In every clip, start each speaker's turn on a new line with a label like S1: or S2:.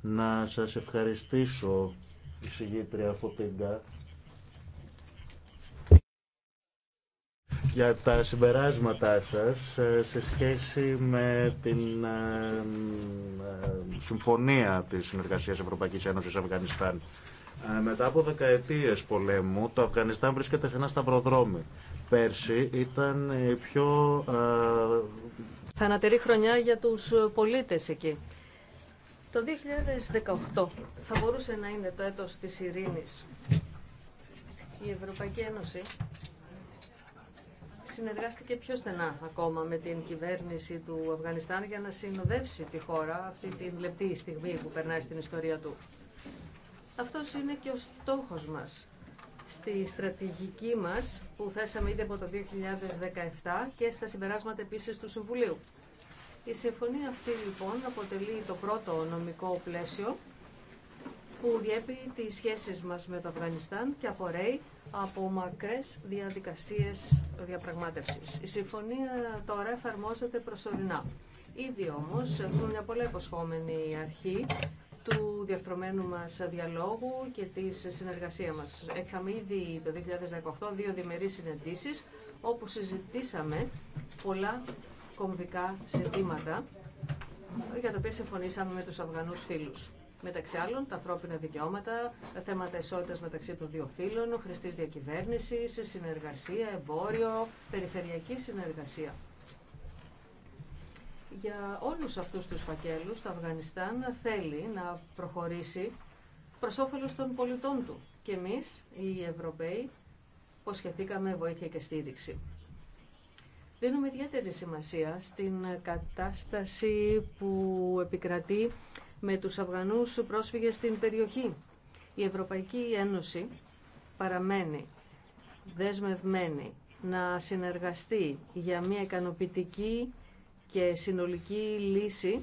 S1: να σας ευχαριστήσω η συγγήτρια Φωτίνκα για τα συμπεράσματά σας σε σχέση με την συμφωνία της συνεργασίας Ευρωπαϊκής Ένωσης Αφγανιστάν. Ε, μετά από δεκαετίες πολέμου, το Αφγανιστάν βρίσκεται σε ένα σταυροδρόμι. Πέρσι ήταν η πιο... Ε,
S2: Θανατερή χρονιά για τους πολίτες εκεί. Το 2018 θα μπορούσε να είναι το έτος της ειρήνης. Η Ευρωπαϊκή Ένωση συνεργάστηκε πιο στενά ακόμα με την κυβέρνηση του Αφγανιστάν για να συνοδεύσει τη χώρα αυτή την λεπτή στιγμή που περνάει στην ιστορία του. Αυτός είναι και ο στόχος μας στη στρατηγική μας που θέσαμε ήδη από το 2017 και στα συμπεράσματα επίσης του Συμβουλίου. Η συμφωνία αυτή λοιπόν αποτελεί το πρώτο νομικό πλαίσιο που διέπει τις σχέσεις μας με το Αφγανιστάν και απορρέει από μακρές διαδικασίες διαπραγμάτευσης. Η συμφωνία τώρα εφαρμόζεται προσωρινά. Ήδη όμως έχουμε μια πολλά υποσχόμενη αρχή του διαρθρωμένου μας διαλόγου και της συνεργασίας μας. Έχαμε ήδη το 2018 δύο διμερείς συνεντήσεις όπου συζητήσαμε πολλά κομβικά ζητήματα για τα οποία συμφωνήσαμε με τους Αφγανούς φίλους. Μεταξύ άλλων, τα ανθρώπινα δικαιώματα, τα θέματα ισότητα μεταξύ των δύο φίλων, χρηστή διακυβέρνηση, συνεργασία, εμπόριο, περιφερειακή συνεργασία. Για όλους αυτούς τους φακέλους, το Αφγανιστάν θέλει να προχωρήσει προς όφελος των πολιτών του. Και εμείς, οι Ευρωπαίοι, προσχεθήκαμε βοήθεια και στήριξη δίνουμε ιδιαίτερη σημασία στην κατάσταση που επικρατεί με τους Αφγανούς πρόσφυγες στην περιοχή. Η Ευρωπαϊκή Ένωση παραμένει δεσμευμένη να συνεργαστεί για μια ικανοποιητική και συνολική λύση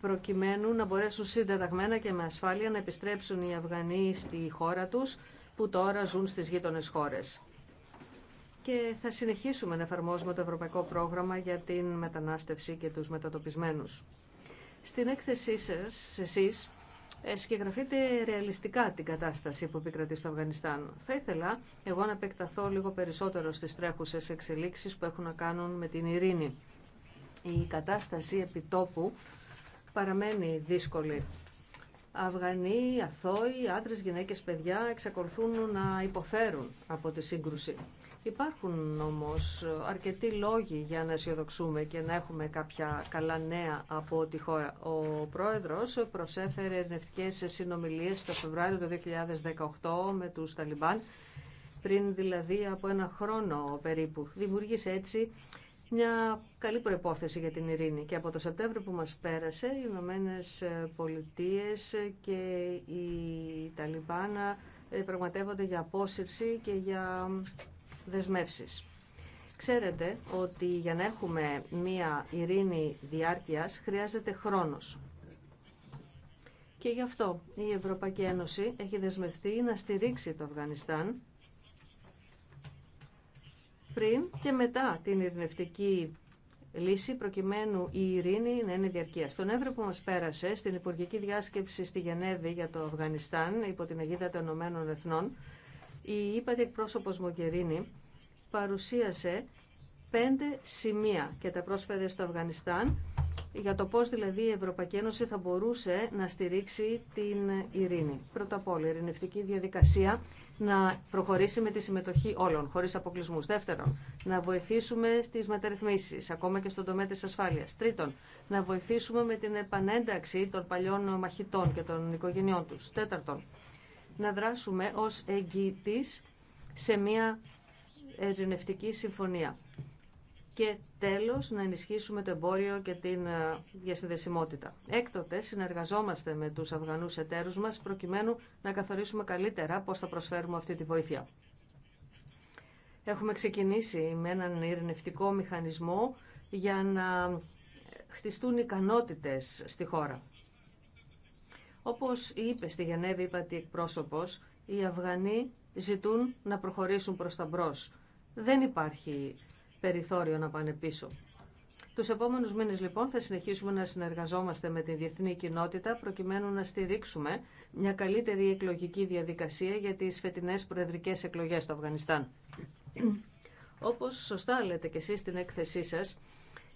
S2: προκειμένου να μπορέσουν συντεταγμένα και με ασφάλεια να επιστρέψουν οι Αφγανοί στη χώρα τους που τώρα ζουν στις γείτονες χώρες και θα συνεχίσουμε να εφαρμόζουμε το Ευρωπαϊκό Πρόγραμμα για την Μετανάστευση και τους Μετατοπισμένους. Στην έκθεσή σας, εσείς, ε, σκεγγραφείτε ρεαλιστικά την κατάσταση που επικρατεί στο Αφγανιστάν. Θα ήθελα εγώ να επεκταθώ λίγο περισσότερο στις τρέχουσες εξελίξεις που έχουν να κάνουν με την ειρήνη. Η κατάσταση επιτόπου παραμένει δύσκολη. Αυγανοί, αθώοι, άντρες, γυναίκες, παιδιά εξακολουθούν να υποφέρουν από τη σύγκρουση. Υπάρχουν όμως αρκετοί λόγοι για να αισιοδοξούμε και να έχουμε κάποια καλά νέα από τη χώρα. Ο πρόεδρος προσέφερε ερνευτικές συνομιλίες το Φεβράριο του 2018 με τους Ταλιμπάν, πριν δηλαδή από ένα χρόνο περίπου. Δημιούργησε έτσι μια καλή προϋπόθεση για την ειρήνη. Και από το Σεπτέμβριο που μας πέρασε, οι Ηνωμένε Πολιτείε και οι Ταλιμπάν πραγματεύονται για απόσυρση και για δεσμεύσεις. Ξέρετε ότι για να έχουμε μία ειρήνη διάρκειας χρειάζεται χρόνος. Και γι' αυτό η Ευρωπαϊκή Ένωση έχει δεσμευτεί να στηρίξει το Αφγανιστάν πριν και μετά την ειρηνευτική λύση προκειμένου η ειρήνη να είναι διαρκεία. Στον Εύρο που μας πέρασε, στην Υπουργική Διάσκεψη στη Γενέβη για το Αφγανιστάν υπό την αιγίδα των Ηνωμένων Εθνών, η ύπατη Εκπρόσωπο Μογκερίνη παρουσίασε πέντε σημεία και τα πρόσφερε στο Αφγανιστάν για το πώς δηλαδή η Ευρωπαϊκή Ένωση θα μπορούσε να στηρίξει την ειρήνη. Πρώτα απ' όλα, η ειρηνευτική διαδικασία να προχωρήσει με τη συμμετοχή όλων, χωρίς αποκλεισμού. Δεύτερον, να βοηθήσουμε στις μεταρρυθμίσεις, ακόμα και στον τομέα της ασφάλειας. Τρίτον, να βοηθήσουμε με την επανένταξη των παλιών μαχητών και των οικογενειών τους. Τέταρτον, να δράσουμε ως εγγύτης σε μια ερηνευτική συμφωνία. Και τέλος να ενισχύσουμε το εμπόριο και την ε, διασυνδεσιμότητα. Έκτοτε συνεργαζόμαστε με τους Αφγανούς εταίρους μας προκειμένου να καθορίσουμε καλύτερα πώς θα προσφέρουμε αυτή τη βοήθεια. Έχουμε ξεκινήσει με έναν ειρηνευτικό μηχανισμό για να χτιστούν ικανότητες στη χώρα. Όπως είπε στη Γενέβη, είπατε εκπρόσωπος, οι Αφγανοί ζητούν να προχωρήσουν προς τα μπρος. Δεν υπάρχει περιθώριο να πάνε πίσω. Τους επόμενους μήνες λοιπόν θα συνεχίσουμε να συνεργαζόμαστε με τη διεθνή κοινότητα προκειμένου να στηρίξουμε μια καλύτερη εκλογική διαδικασία για τις φετινές προεδρικές εκλογές στο Αφγανιστάν. Όπως σωστά λέτε και εσείς στην έκθεσή σας,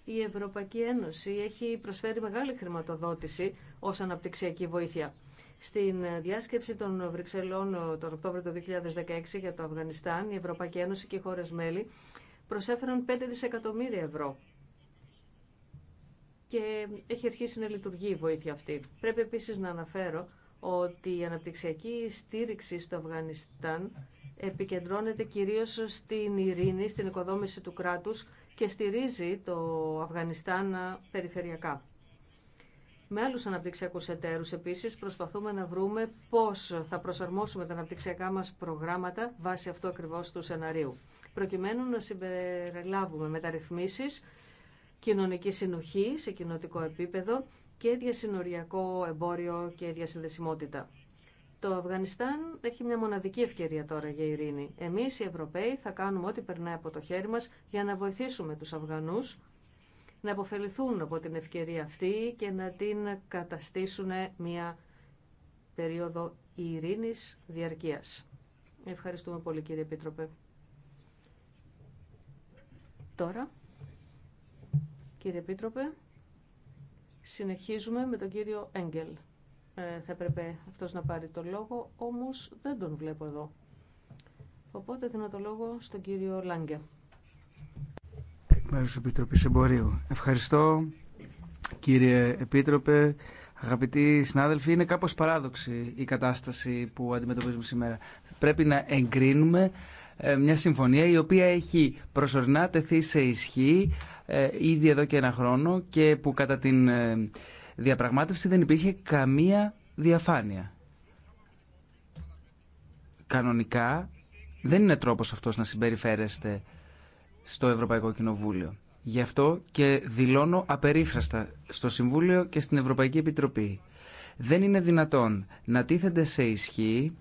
S2: η Ευρωπαϊκή Ένωση έχει προσφέρει μεγάλη χρηματοδότηση ως αναπτυξιακή βοήθεια. Στην διάσκεψη των Βρυξελών τον Οκτώβριο του 2016 για το Αφγανιστάν, η Ευρωπαϊκή Ένωση και οι χώρες μέλη προσέφεραν 5 δισεκατομμύρια ευρώ και έχει αρχίσει να λειτουργεί η βοήθεια αυτή. Πρέπει επίσης να αναφέρω ότι η αναπτυξιακή στήριξη στο Αφγανιστάν επικεντρώνεται κυρίως στην ειρήνη, στην οικοδόμηση του κράτους και στηρίζει το Αφγανιστάν περιφερειακά. Με άλλους αναπτυξιακούς εταίρους επίσης προσπαθούμε να βρούμε πώς θα προσαρμόσουμε τα αναπτυξιακά μας προγράμματα βάσει αυτού ακριβώς του σεναρίου. Προκειμένου να συμπεριλάβουμε μεταρρυθμίσεις, κοινωνική συνοχή σε κοινοτικό επίπεδο και διασυνοριακό εμπόριο και διασυνδεσιμότητα. Το Αφγανιστάν έχει μια μοναδική ευκαιρία τώρα για ειρήνη. Εμείς οι Ευρωπαίοι θα κάνουμε ό,τι περνάει από το χέρι μα για να βοηθήσουμε τους Αφγανούς να αποφεληθούν από την ευκαιρία αυτή και να την καταστήσουν μια περίοδο ειρήνης διαρκείας. Ευχαριστούμε πολύ κύριε Επίτροπε. Τώρα, κύριε Επίτροπε, συνεχίζουμε με τον κύριο Έγγελ. Ε, θα έπρεπε αυτός να πάρει το λόγο, όμως δεν τον βλέπω εδώ. Οπότε δίνω το λόγο στον κύριο Λάγκε.
S3: Εκ Επιτροπής Ευχαριστώ κύριε Επίτροπε. Αγαπητοί συνάδελφοι, είναι κάπως παράδοξη η κατάσταση που αντιμετωπίζουμε σήμερα. Πρέπει να εγκρίνουμε ε, μια συμφωνία η οποία έχει προσωρινά τεθεί σε ισχύ ε, ήδη εδώ και ένα χρόνο και που κατά την διαπραγμάτευση δεν υπήρχε καμία διαφάνεια. Κανονικά δεν είναι τρόπος αυτός να συμπεριφέρεστε στο Ευρωπαϊκό Κοινοβούλιο. Γι' αυτό και δηλώνω απερίφραστα στο Συμβούλιο και στην Ευρωπαϊκή Επιτροπή. Δεν είναι δυνατόν να τίθενται σε ισχύ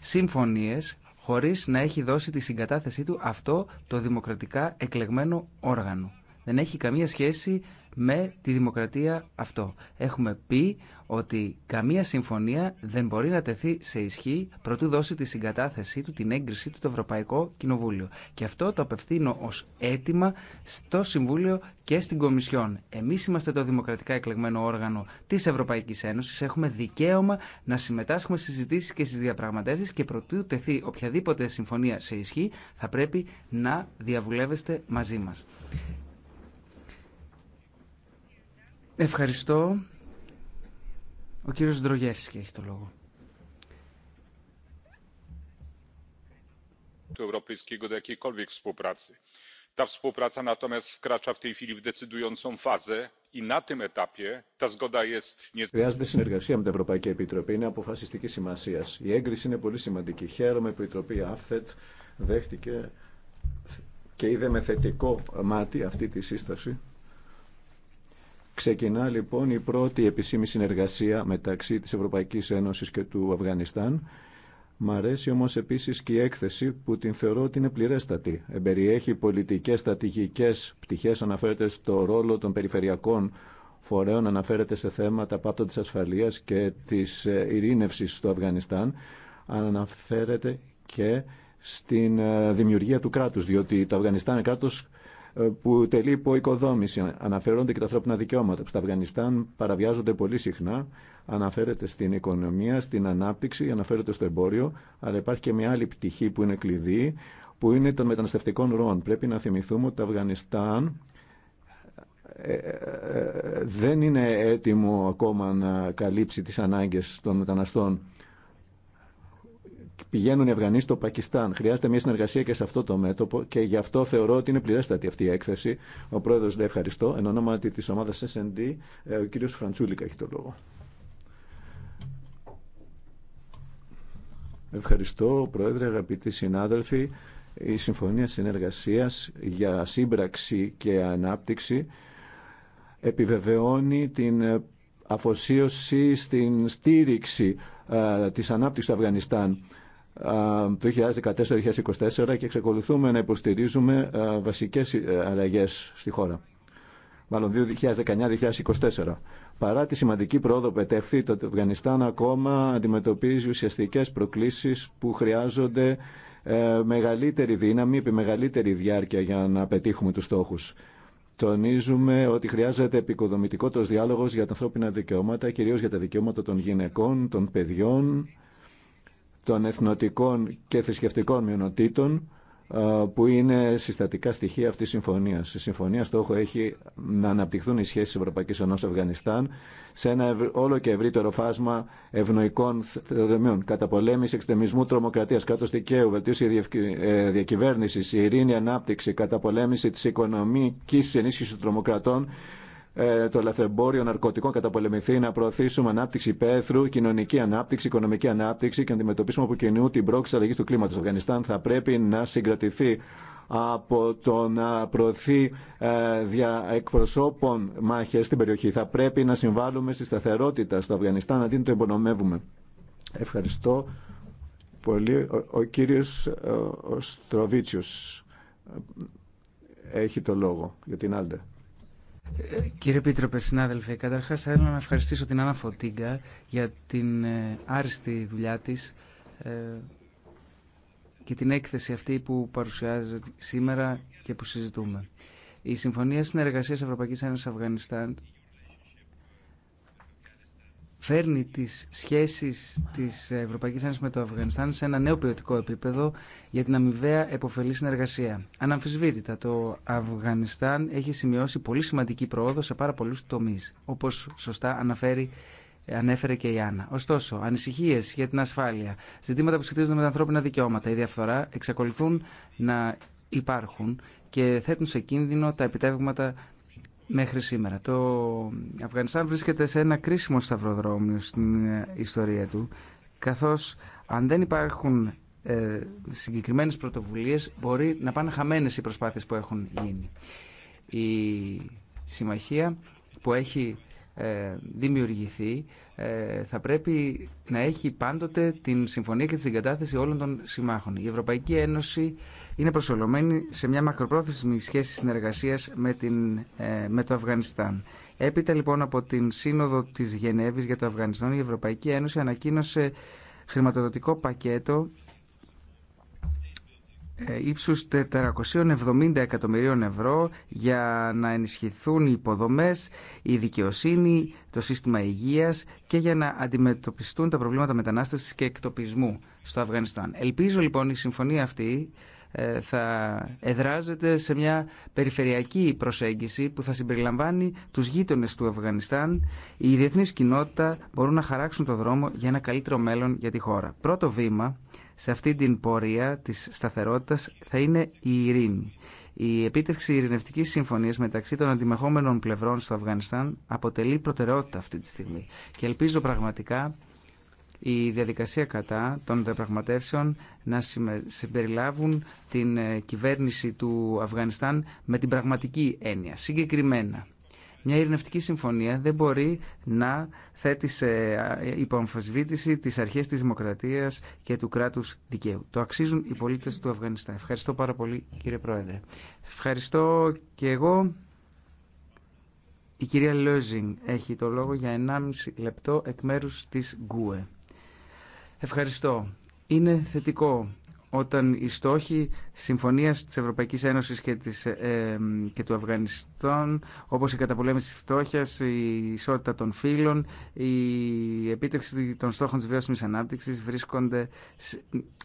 S3: συμφωνίες χωρίς να έχει δώσει τη συγκατάθεσή του αυτό το δημοκρατικά εκλεγμένο όργανο. Δεν έχει καμία σχέση με τη δημοκρατία αυτό. Έχουμε πει ότι καμία συμφωνία δεν μπορεί να τεθεί σε ισχύ προτού δώσει τη συγκατάθεσή του, την έγκρισή του το Ευρωπαϊκό Κοινοβούλιο. Και αυτό το απευθύνω ως αίτημα στο Συμβούλιο και στην Κομισιόν. Εμείς είμαστε το δημοκρατικά εκλεγμένο όργανο της Ευρωπαϊκής Ένωσης. Έχουμε δικαίωμα να συμμετάσχουμε στις συζητήσεις και στις διαπραγματεύσεις και προτού τεθεί οποιαδήποτε συμφωνία σε ισχύ θα πρέπει να διαβουλεύεστε μαζί μας. Ευχαριστώ. Ο κύριος Ντρογεύσκη έχει το λόγο.
S4: του Europejskiego do jakiejkolwiek współpracy. Ta współpraca natomiast wkracza w tej chwili w decydującą fazę i na tym etapie ta zgoda jest Χρειάζεται
S1: συνεργασία με την Ευρωπαϊκή Επιτροπή. Είναι αποφασιστική σημασία. Η έγκριση είναι πολύ σημαντική. Χαίρομαι που η Επιτροπή ΑΦΕΤ δέχτηκε και είδε με θετικό μάτι αυτή τη σύσταση Ξεκινά λοιπόν η πρώτη επισήμη συνεργασία μεταξύ της Ευρωπαϊκής Ένωσης και του Αφγανιστάν. Μ' αρέσει όμως επίσης και η έκθεση που την θεωρώ ότι είναι πληρέστατη. Εμπεριέχει πολιτικές στρατηγικές πτυχές, αναφέρεται στο ρόλο των περιφερειακών φορέων, αναφέρεται σε θέματα πάπτω της ασφαλείας και της ε, ειρήνευσης στο Αφγανιστάν, αναφέρεται και στην ε, δημιουργία του κράτους, διότι το Αφγανιστάν είναι κράτος ε, που τελεί υπό οικοδόμηση. Αναφέρονται και τα ανθρώπινα δικαιώματα που στα Αφγανιστάν παραβιάζονται πολύ συχνά. Αναφέρεται στην οικονομία, στην ανάπτυξη, αναφέρεται στο εμπόριο, αλλά υπάρχει και μια άλλη πτυχή που είναι κλειδί, που είναι των μεταναστευτικών ροών. Πρέπει να θυμηθούμε ότι το Αφγανιστάν ε, ε, δεν είναι έτοιμο ακόμα να καλύψει τις ανάγκες των μεταναστών πηγαίνουν οι Αφγανοί στο Πακιστάν. Χρειάζεται μια συνεργασία και σε αυτό το μέτωπο και γι' αυτό θεωρώ ότι είναι πληρέστατη αυτή η έκθεση. Ο πρόεδρο λέει ευχαριστώ. Εν ονόματι τη ομάδα SND, ε, ο κύριο Φραντσούλικα έχει το λόγο. Ευχαριστώ, Πρόεδρε, αγαπητοί συνάδελφοι. Η Συμφωνία Συνεργασίας για Σύμπραξη και Ανάπτυξη επιβεβαιώνει την αφοσίωση στην στήριξη ε, της ανάπτυξης του Αφγανιστάν το 2014-2024 και εξακολουθούμε να υποστηρίζουμε βασικές ε, αλλαγές στη χώρα. Μάλλον 2019-2024. Παρά τη σημαντική πρόοδο που ετεύχθη, το Αφγανιστάν ακόμα αντιμετωπίζει ουσιαστικές προκλήσεις που χρειάζονται ε, μεγαλύτερη δύναμη, επί μεγαλύτερη διάρκεια για να πετύχουμε τους στόχους. Τονίζουμε ότι χρειάζεται επικοδομητικότος διάλογος για τα ανθρώπινα δικαιώματα, κυρίως για τα δικαιώματα των γυναικών, των παιδιών, των εθνοτικών και θρησκευτικών μειονοτήτων που είναι συστατικά στοιχεία αυτής της συμφωνίας. Η συμφωνία στόχο έχει να αναπτυχθούν οι σχέσεις της Ευρωπαϊκής Ενώσης Αφγανιστάν σε ένα όλο και ευρύτερο φάσμα ευνοϊκών δομιών. Καταπολέμηση εξτεμισμού, τρομοκρατίας, κράτος δικαίου, βελτίωση ε, διακυβέρνησης, ειρήνη, ανάπτυξη, καταπολέμηση της οικονομικής ενίσχυσης των τρομοκρατών, ε, το ελευθερμπόριο ναρκωτικών καταπολεμηθεί, να προωθήσουμε ανάπτυξη πέθρου, κοινωνική ανάπτυξη, οικονομική ανάπτυξη και να αντιμετωπίσουμε από κοινού την πρόκληση αλλαγή του κλίματο. Το Αφγανιστάν θα πρέπει να συγκρατηθεί από το να προωθεί ε, δια εκπροσώπων μάχε στην περιοχή. Θα πρέπει να συμβάλλουμε στη σταθερότητα στο Αφγανιστάν αντί να το υπονομεύουμε. Ευχαριστώ πολύ. Ο, ο κύριος ε, έχει το λόγο για την Άλντε.
S3: Κύριε Πίτροπε, συνάδελφε, καταρχά θέλω να ευχαριστήσω την Άννα Φωτίνκα για την ε, άριστη δουλειά τη ε, και την έκθεση αυτή που παρουσιάζεται σήμερα και που συζητούμε. Η Συμφωνία Συνεργασίας Ευρωπαϊκή Ένωση Αφγανιστάν φέρνει τις σχέσεις της Ευρωπαϊκής Ένωσης με το Αφγανιστάν σε ένα νέο ποιοτικό επίπεδο για την αμοιβαία εποφελή συνεργασία. Αναμφισβήτητα, το Αφγανιστάν έχει σημειώσει πολύ σημαντική πρόοδο σε πάρα πολλούς τομείς, όπως σωστά αναφέρει Ανέφερε και η Άννα. Ωστόσο, ανησυχίε για την ασφάλεια, ζητήματα που σχετίζονται με τα ανθρώπινα δικαιώματα, η διαφθορά εξακολουθούν να υπάρχουν και θέτουν σε κίνδυνο τα επιτεύγματα μέχρι σήμερα. Το Αφγανιστάν βρίσκεται σε ένα κρίσιμο σταυροδρόμιο στην ε, ιστορία του, καθώς αν δεν υπάρχουν ε, συγκεκριμένες πρωτοβουλίες μπορεί να πάνε χαμένες οι προσπάθειες που έχουν γίνει. Η συμμαχία που έχει ε, δημιουργηθεί ε, θα πρέπει να έχει πάντοτε την συμφωνία και τη συγκατάθεση όλων των συμμάχων. Η Ευρωπαϊκή Ένωση είναι προσωλωμένη σε μια μακροπρόθεσμη σχέση συνεργασίας με, την, ε, με το Αφγανιστάν. Έπειτα λοιπόν από την Σύνοδο της Γενέβης για το Αφγανιστάν, η Ευρωπαϊκή Ένωση ανακοίνωσε χρηματοδοτικό πακέτο ε, ύψους 470 εκατομμυρίων ευρώ για να ενισχυθούν οι υποδομές, η δικαιοσύνη, το σύστημα υγείας και για να αντιμετωπιστούν τα προβλήματα μετανάστευσης και εκτοπισμού στο Αφγανιστάν. Ελπίζω λοιπόν η συμφωνία αυτή ε, θα εδράζεται σε μια περιφερειακή προσέγγιση που θα συμπεριλαμβάνει τους γείτονες του Αφγανιστάν. Η διεθνής κοινότητα μπορούν να χαράξουν το δρόμο για ένα καλύτερο μέλλον για τη χώρα. Πρώτο βήμα σε αυτή την πορεία της σταθερότητας θα είναι η ειρήνη. Η επίτευξη ειρηνευτική συμφωνία μεταξύ των αντιμεχόμενων πλευρών στο Αφγανιστάν αποτελεί προτεραιότητα αυτή τη στιγμή. Και ελπίζω πραγματικά η διαδικασία κατά των διαπραγματεύσεων να συμπεριλάβουν την ε, κυβέρνηση του Αφγανιστάν με την πραγματική έννοια, συγκεκριμένα. Μια ειρηνευτική συμφωνία δεν μπορεί να θέτει σε υποαμφισβήτηση τις αρχές της δημοκρατίας και του κράτους δικαίου. Το αξίζουν οι πολίτες του Αφγανιστάν. Ευχαριστώ πάρα πολύ κύριε Πρόεδρε. Ευχαριστώ και εγώ. Η κυρία Λόζινγκ έχει το λόγο για 1,5 λεπτό εκ μέρου της ΓΚΟΕ. Ευχαριστώ. Είναι θετικό όταν οι στόχοι συμφωνίας της Ευρωπαϊκής Ένωση και, ε, ε, και του Αφγανιστάν, όπως η καταπολέμηση τη φτώχεια, η ισότητα των φύλων, η επίτευξη των στόχων τη βιώσιμη ανάπτυξη βρίσκονται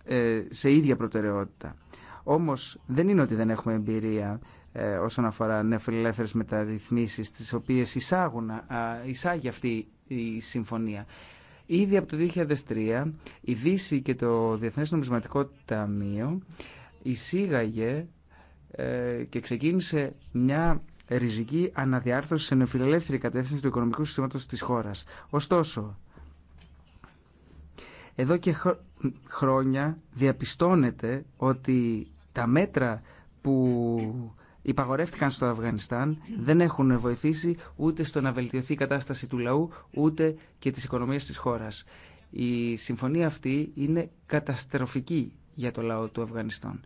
S3: ε, σε, ίδια προτεραιότητα. Όμως δεν είναι ότι δεν έχουμε εμπειρία ε, όσον αφορά νεοφιλελεύθερε μεταρρυθμίσει, τι οποίες εισάγει αυτή η συμφωνία. Ήδη από το 2003 η Δύση και το Διεθνές Νομισματικό Ταμείο εισήγαγε ε, και ξεκίνησε μια ριζική αναδιάρθρωση σε νεοφιλελεύθερη κατεύθυνση του οικονομικού συστήματος της χώρας. Ωστόσο, εδώ και χρόνια διαπιστώνεται ότι τα μέτρα που υπαγορεύτηκαν στο Αφγανιστάν δεν έχουν βοηθήσει ούτε στο να βελτιωθεί η κατάσταση του λαού ούτε και της οικονομίας της χώρας. Η συμφωνία αυτή είναι καταστροφική για το λαό του Αφγανιστάν.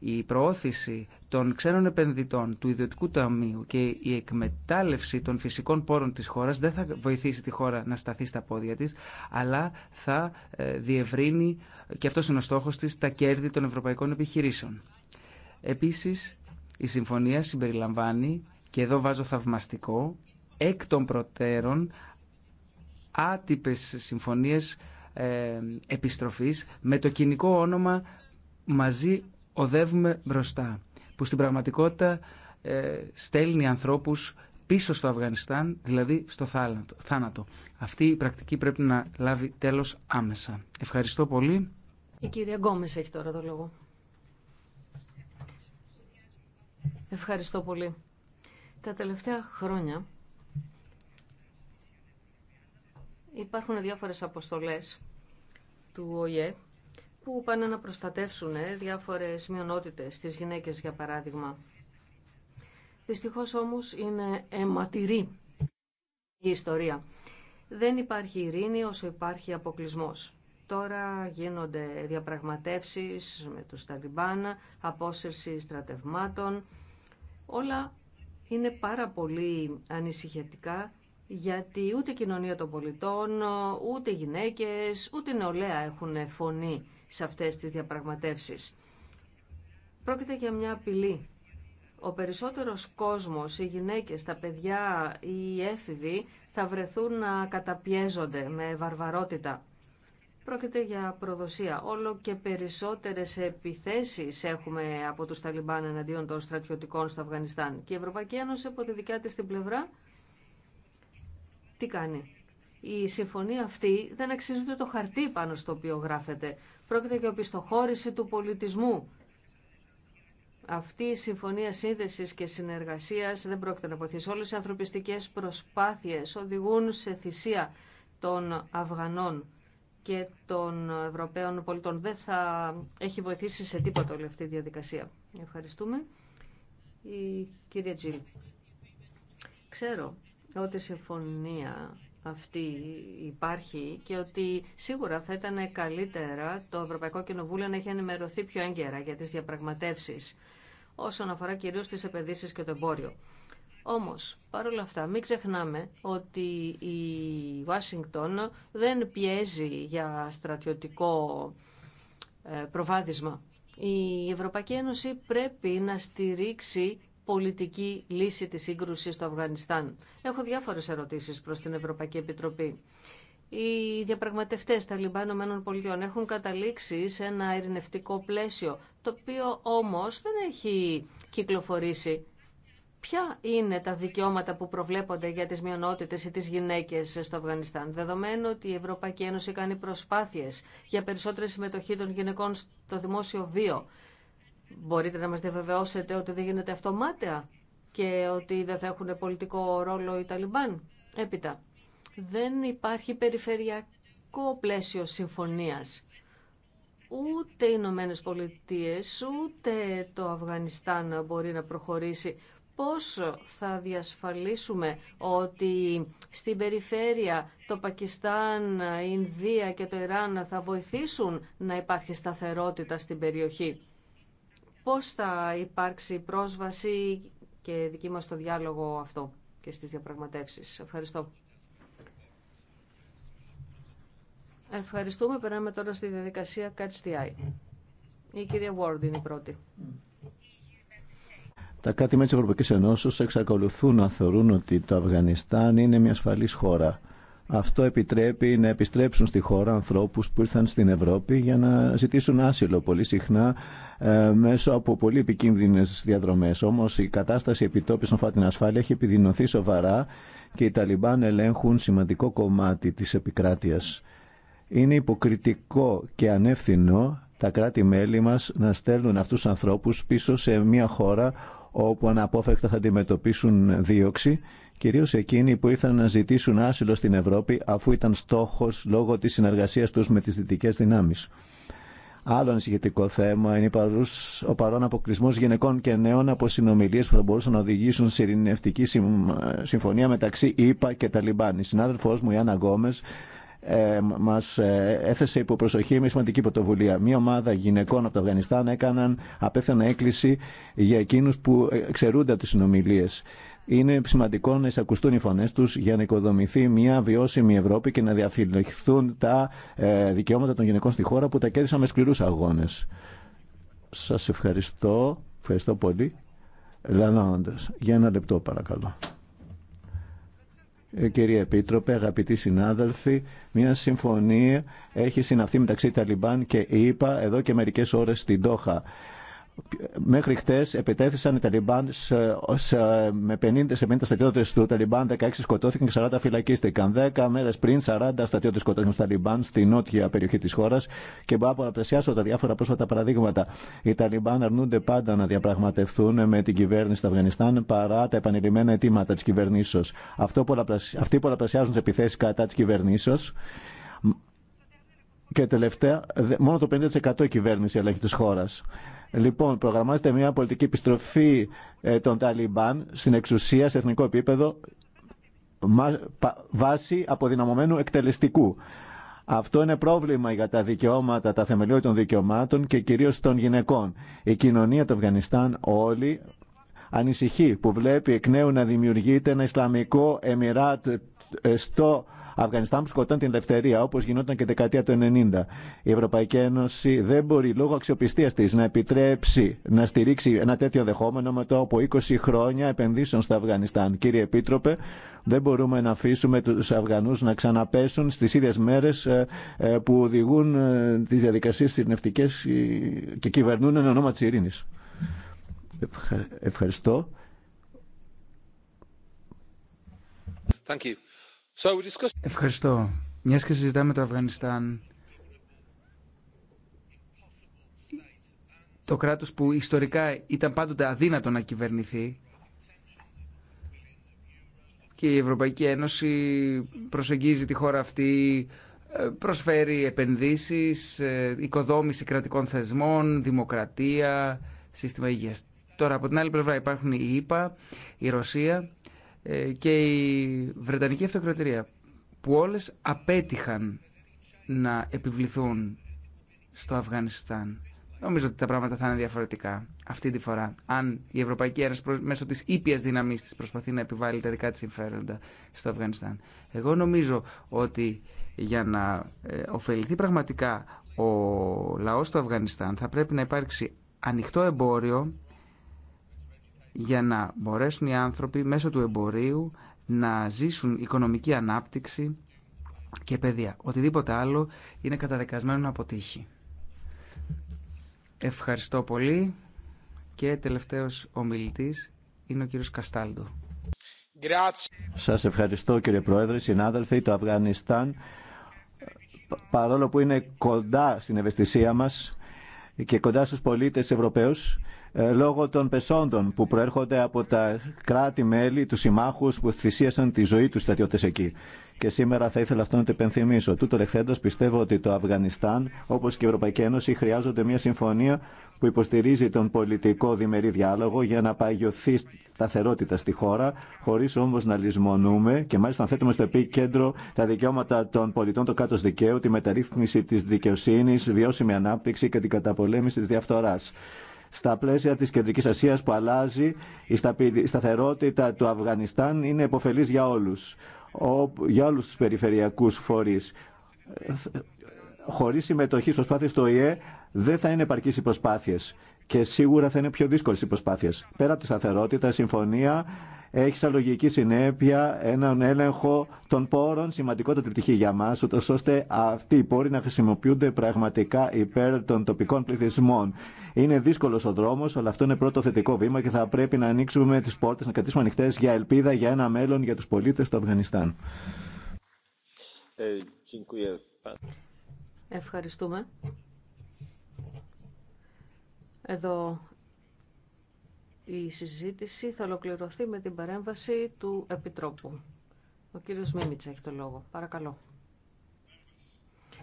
S3: Η προώθηση των ξένων επενδυτών του ιδιωτικού ταμείου και η εκμετάλλευση των φυσικών πόρων της χώρας δεν θα βοηθήσει τη χώρα να σταθεί στα πόδια της, αλλά θα ε, διευρύνει, και αυτός είναι ο στόχος της, τα κέρδη των ευρωπαϊκών επιχειρήσεων. Επίσης, η συμφωνία συμπεριλαμβάνει, και εδώ βάζω θαυμαστικό, εκ των προτέρων άτυπες συμφωνίες ε, επιστροφής με το κοινικό όνομα «Μαζί οδεύουμε μπροστά» που στην πραγματικότητα ε, στέλνει ανθρώπους πίσω στο Αφγανιστάν, δηλαδή στο θάνατο. Αυτή η πρακτική πρέπει να λάβει τέλος άμεσα. Ευχαριστώ πολύ.
S2: Η κυρία Γκόμες έχει τώρα το λόγο. Ευχαριστώ πολύ. Τα τελευταία χρόνια υπάρχουν διάφορες αποστολές του ΟΙΕ που πάνε να προστατεύσουν ε, διάφορες μειονότητες, στις γυναίκες για παράδειγμα. Δυστυχώς όμως είναι αιματηρή η ιστορία. Δεν υπάρχει ειρήνη όσο υπάρχει αποκλεισμός. Τώρα γίνονται διαπραγματεύσεις με τους Ταλιμπάν, απόσυρση στρατευμάτων. Όλα είναι πάρα πολύ ανησυχητικά γιατί ούτε η κοινωνία των πολιτών, ούτε οι γυναίκες, ούτε η νεολαία έχουν φωνή σε αυτές τις διαπραγματεύσεις. Πρόκειται για μια απειλή. Ο περισσότερος κόσμος, οι γυναίκες, τα παιδιά, οι έφηβοι θα βρεθούν να καταπιέζονται με βαρβαρότητα. Πρόκειται για προδοσία. Όλο και περισσότερες επιθέσεις έχουμε από τους Ταλιμπάν εναντίον των στρατιωτικών στο Αφγανιστάν. Και η Ευρωπαϊκή Ένωση από τη δικιά της την πλευρά τι κάνει. Η συμφωνία αυτή δεν αξίζει το χαρτί πάνω στο οποίο γράφεται. Πρόκειται για οπισθοχώρηση του πολιτισμού. Αυτή η συμφωνία σύνδεση και συνεργασία δεν πρόκειται να βοηθήσει. Όλε οι ανθρωπιστικέ προσπάθειε οδηγούν σε θυσία των Αφγανών και των Ευρωπαίων πολιτών. Δεν θα έχει βοηθήσει σε τίποτα όλη αυτή η διαδικασία. Ευχαριστούμε. Η κυρία Τζίλ. Ξέρω ότι η συμφωνία αυτή υπάρχει και ότι σίγουρα θα ήταν καλύτερα το Ευρωπαϊκό Κοινοβούλιο να έχει ενημερωθεί πιο έγκαιρα για τις διαπραγματεύσεις όσον αφορά κυρίως τις επενδύσεις και το εμπόριο. Όμως, παρόλα αυτά, μην ξεχνάμε ότι η Ουάσιγκτον δεν πιέζει για στρατιωτικό ε, προβάδισμα. Η Ευρωπαϊκή Ένωση πρέπει να στηρίξει πολιτική λύση της σύγκρουσης στο Αφγανιστάν. Έχω διάφορες ερωτήσεις προς την Ευρωπαϊκή Επιτροπή. Οι διαπραγματευτές Λιμπάνωμένων Πολιών έχουν καταλήξει σε ένα ειρηνευτικό πλαίσιο, το οποίο όμως δεν έχει κυκλοφορήσει Ποια είναι τα δικαιώματα που προβλέπονται για τις μειονότητες ή τις γυναίκες στο Αφγανιστάν, δεδομένου ότι η Ευρωπαϊκή Ένωση κάνει προσπάθειες για περισσότερη συμμετοχή των γυναικών στο δημόσιο βίο. Μπορείτε να μας διαβεβαιώσετε ότι δεν γίνεται αυτομάτια και ότι δεν θα έχουν πολιτικό ρόλο οι Ταλιμπάν. Έπειτα, δεν υπάρχει περιφερειακό πλαίσιο συμφωνίας. Ούτε οι Ηνωμένε Πολιτείε, ούτε το Αφγανιστάν μπορεί να προχωρήσει πώς θα διασφαλίσουμε ότι στην περιφέρεια το Πακιστάν, η Ινδία και το Ιράν θα βοηθήσουν να υπάρχει σταθερότητα στην περιοχή. Πώς θα υπάρξει πρόσβαση και δική μας το διάλογο αυτό και στις διαπραγματεύσεις. Ευχαριστώ. Ευχαριστούμε. Περνάμε τώρα στη διαδικασία Catch the Eye. Η κυρία Ward είναι η πρώτη. Mm.
S1: Τα κράτη μέλη τη Ευρωπαϊκή Ενώσεω εξακολουθούν να θεωρούν ότι το Αφγανιστάν είναι μια ασφαλή χώρα. Αυτό επιτρέπει να επιστρέψουν στη χώρα ανθρώπου που ήρθαν στην Ευρώπη για να ζητήσουν άσυλο πολύ συχνά ε, μέσω από πολύ επικίνδυνε διαδρομέ. Όμω η κατάσταση επιτόπιση των αφορά την ασφάλεια έχει επιδεινωθεί σοβαρά και οι Ταλιμπάν ελέγχουν σημαντικό κομμάτι τη επικράτεια. Είναι υποκριτικό και ανεύθυνο τα κράτη-μέλη μας να στέλνουν αυτούς τους ανθρώπους πίσω σε μια χώρα όπου αναπόφευκτα θα αντιμετωπίσουν δίωξη, κυρίως εκείνοι που ήρθαν να ζητήσουν άσυλο στην Ευρώπη αφού ήταν στόχος λόγω της συνεργασίας τους με τις δυτικέ δυνάμεις. Άλλο ανησυχητικό θέμα είναι ο παρόν αποκλεισμό γυναικών και νέων από συνομιλίε που θα μπορούσαν να οδηγήσουν σε ειρηνευτική συμφωνία μεταξύ ΗΠΑ και Ταλιμπάν. Η συνάδελφό μου, Ιάννα Γκόμε, ε, μας ε, έθεσε υπό προσοχή μια σημαντική πρωτοβουλία. Μία ομάδα γυναικών από το Αφγανιστάν έκαναν απέθανα έκκληση για εκείνους που ξερούνται από τις συνομιλίες. Είναι σημαντικό να εισακουστούν οι φωνέ του για να οικοδομηθεί μια βιώσιμη Ευρώπη και να διαφυλαχθούν τα ε, δικαιώματα των γυναικών στη χώρα που τα κέρδισαν με σκληρού αγώνε. Σα ευχαριστώ. Ευχαριστώ πολύ. Λαλάντας. Για ένα λεπτό παρακαλώ. Ε, Κυρία Επίτροπε, αγαπητοί συνάδελφοι, μια συμφωνία έχει συναυθεί μεταξύ Ταλιμπάν και ΙΠΑ εδώ και μερικές ώρες στην Τόχα. Μέχρι χτε επιτέθησαν οι Ταλιμπάν σε, με 50, σε 50 στρατιώτε του Ταλιμπάν, 16 σκοτώθηκαν και 40 φυλακίστηκαν. 10 μέρε πριν, 40 στρατιώτε σκοτώθηκαν στου Ταλιμπάν στη νότια περιοχή τη χώρα και μπορώ να πλησιάσω τα διάφορα πρόσφατα παραδείγματα. Οι Ταλιμπάν αρνούνται πάντα να διαπραγματευτούν με την κυβέρνηση του Αφγανιστάν παρά τα επανειλημμένα αιτήματα τη κυβερνήσεω. Αυτοί πολλαπλασιάζουν τι επιθέσει κατά τη κυβερνήσεω και τελευταία, μόνο το 50% η κυβέρνηση ελέγχει τη χώρα. Λοιπόν, προγραμμάζεται μια πολιτική επιστροφή ε, των Ταλιμπάν στην εξουσία σε εθνικό επίπεδο βάσει αποδυναμωμένου εκτελεστικού. Αυτό είναι πρόβλημα για τα δικαιώματα, τα θεμελιώδη των δικαιωμάτων και κυρίως των γυναικών. Η κοινωνία του Αφγανιστάν όλοι ανησυχεί που βλέπει εκ νέου να δημιουργείται ένα Ισλαμικό Εμμυράτ ε, στο Αφγανιστάν που σκοτώνει την ελευθερία, όπω γινόταν και δεκαετία του 90. Η Ευρωπαϊκή Ένωση δεν μπορεί λόγω αξιοπιστία τη να επιτρέψει να στηρίξει ένα τέτοιο δεχόμενο μετά από 20 χρόνια επενδύσεων στο Αφγανιστάν. Κύριε Επίτροπε, δεν μπορούμε να αφήσουμε του Αφγανού να ξαναπέσουν στι ίδιε μέρε ε, ε, που οδηγούν ε, τι διαδικασίε συνευτικέ και κυβερνούν εν ονόμα τη ειρήνη. Ευχαριστώ.
S2: Thank you.
S3: Ευχαριστώ. Μιας και συζητάμε το Αφγανιστάν, το κράτος που ιστορικά ήταν πάντοτε αδύνατο να κυβερνηθεί και η Ευρωπαϊκή Ένωση προσεγγίζει τη χώρα αυτή, ε, προσφέρει επενδύσεις, ε, οικοδόμηση κρατικών θεσμών, δημοκρατία, σύστημα υγείας. Τώρα από την άλλη πλευρά υπάρχουν η ΙΠΑ, η Ρωσία ε, και η Βρετανική Αυτοκρατορία που όλες απέτυχαν να επιβληθούν στο Αφγανιστάν. Νομίζω ότι τα πράγματα θα είναι διαφορετικά αυτή τη φορά. Αν η Ευρωπαϊκή Ένωση μέσω τη ήπια δύναμή τη προσπαθεί να επιβάλλει τα δικά τη συμφέροντα στο Αφγανιστάν. Εγώ νομίζω ότι για να ε, ωφεληθεί πραγματικά ο λαό του Αφγανιστάν θα πρέπει να υπάρξει ανοιχτό εμπόριο για να μπορέσουν οι άνθρωποι μέσω του εμπορίου να ζήσουν οικονομική ανάπτυξη και παιδεία. Οτιδήποτε άλλο είναι καταδεκασμένο να αποτύχει. Ευχαριστώ πολύ και τελευταίος ομιλητής είναι ο κύριος Καστάλντο.
S1: Σας ευχαριστώ κύριε Πρόεδρε, συνάδελφοι, το Αφγανιστάν παρόλο που είναι κοντά στην ευαισθησία μας και κοντά στους πολίτες Ευρωπαίους ε, λόγω των πεσόντων που προέρχονται από τα κράτη-μέλη, του συμμάχου που θυσίασαν τη ζωή του στρατιώτε εκεί. Και σήμερα θα ήθελα αυτό να το επενθυμίσω. Τούτο λεχθέντο πιστεύω ότι το Αφγανιστάν, όπω και η Ευρωπαϊκή Ένωση, χρειάζονται μια συμφωνία που υποστηρίζει τον πολιτικό διμερή διάλογο για να παγιωθεί σταθερότητα στη χώρα, χωρί όμω να λησμονούμε και μάλιστα να θέτουμε στο επίκεντρο τα δικαιώματα των πολιτών, το κάτω δικαίου, τη μεταρρύθμιση τη δικαιοσύνη, βιώσιμη ανάπτυξη και την καταπολέμηση τη διαφθορά. Στα πλαίσια της Κεντρικής Ασίας που αλλάζει, η σταθερότητα του Αφγανιστάν είναι επωφελής για όλους, για όλους τους περιφερειακούς φορείς. Χωρίς συμμετοχή στο σπάθι του ΟΗΕ δεν θα είναι επαρκείς οι προσπάθειε και σίγουρα θα είναι πιο δύσκολες οι προσπάθειε. Πέρα από τη σταθερότητα, η συμφωνία έχει σαν λογική συνέπεια έναν έλεγχο των πόρων, σημαντικότατη πτυχή για μα, ώστε αυτοί οι πόροι να χρησιμοποιούνται πραγματικά υπέρ των τοπικών πληθυσμών. Είναι δύσκολο ο δρόμο, αλλά αυτό είναι πρώτο θετικό βήμα και θα πρέπει να ανοίξουμε τι πόρτε, να κρατήσουμε ανοιχτέ για ελπίδα για ένα μέλλον για του πολίτε του Αφγανιστάν. Ε,
S2: Ευχαριστούμε. Εδώ η συζήτηση θα ολοκληρωθεί με την παρέμβαση του Επιτρόπου. Ο κύριος Μίμητσα έχει το λόγο. Παρακαλώ.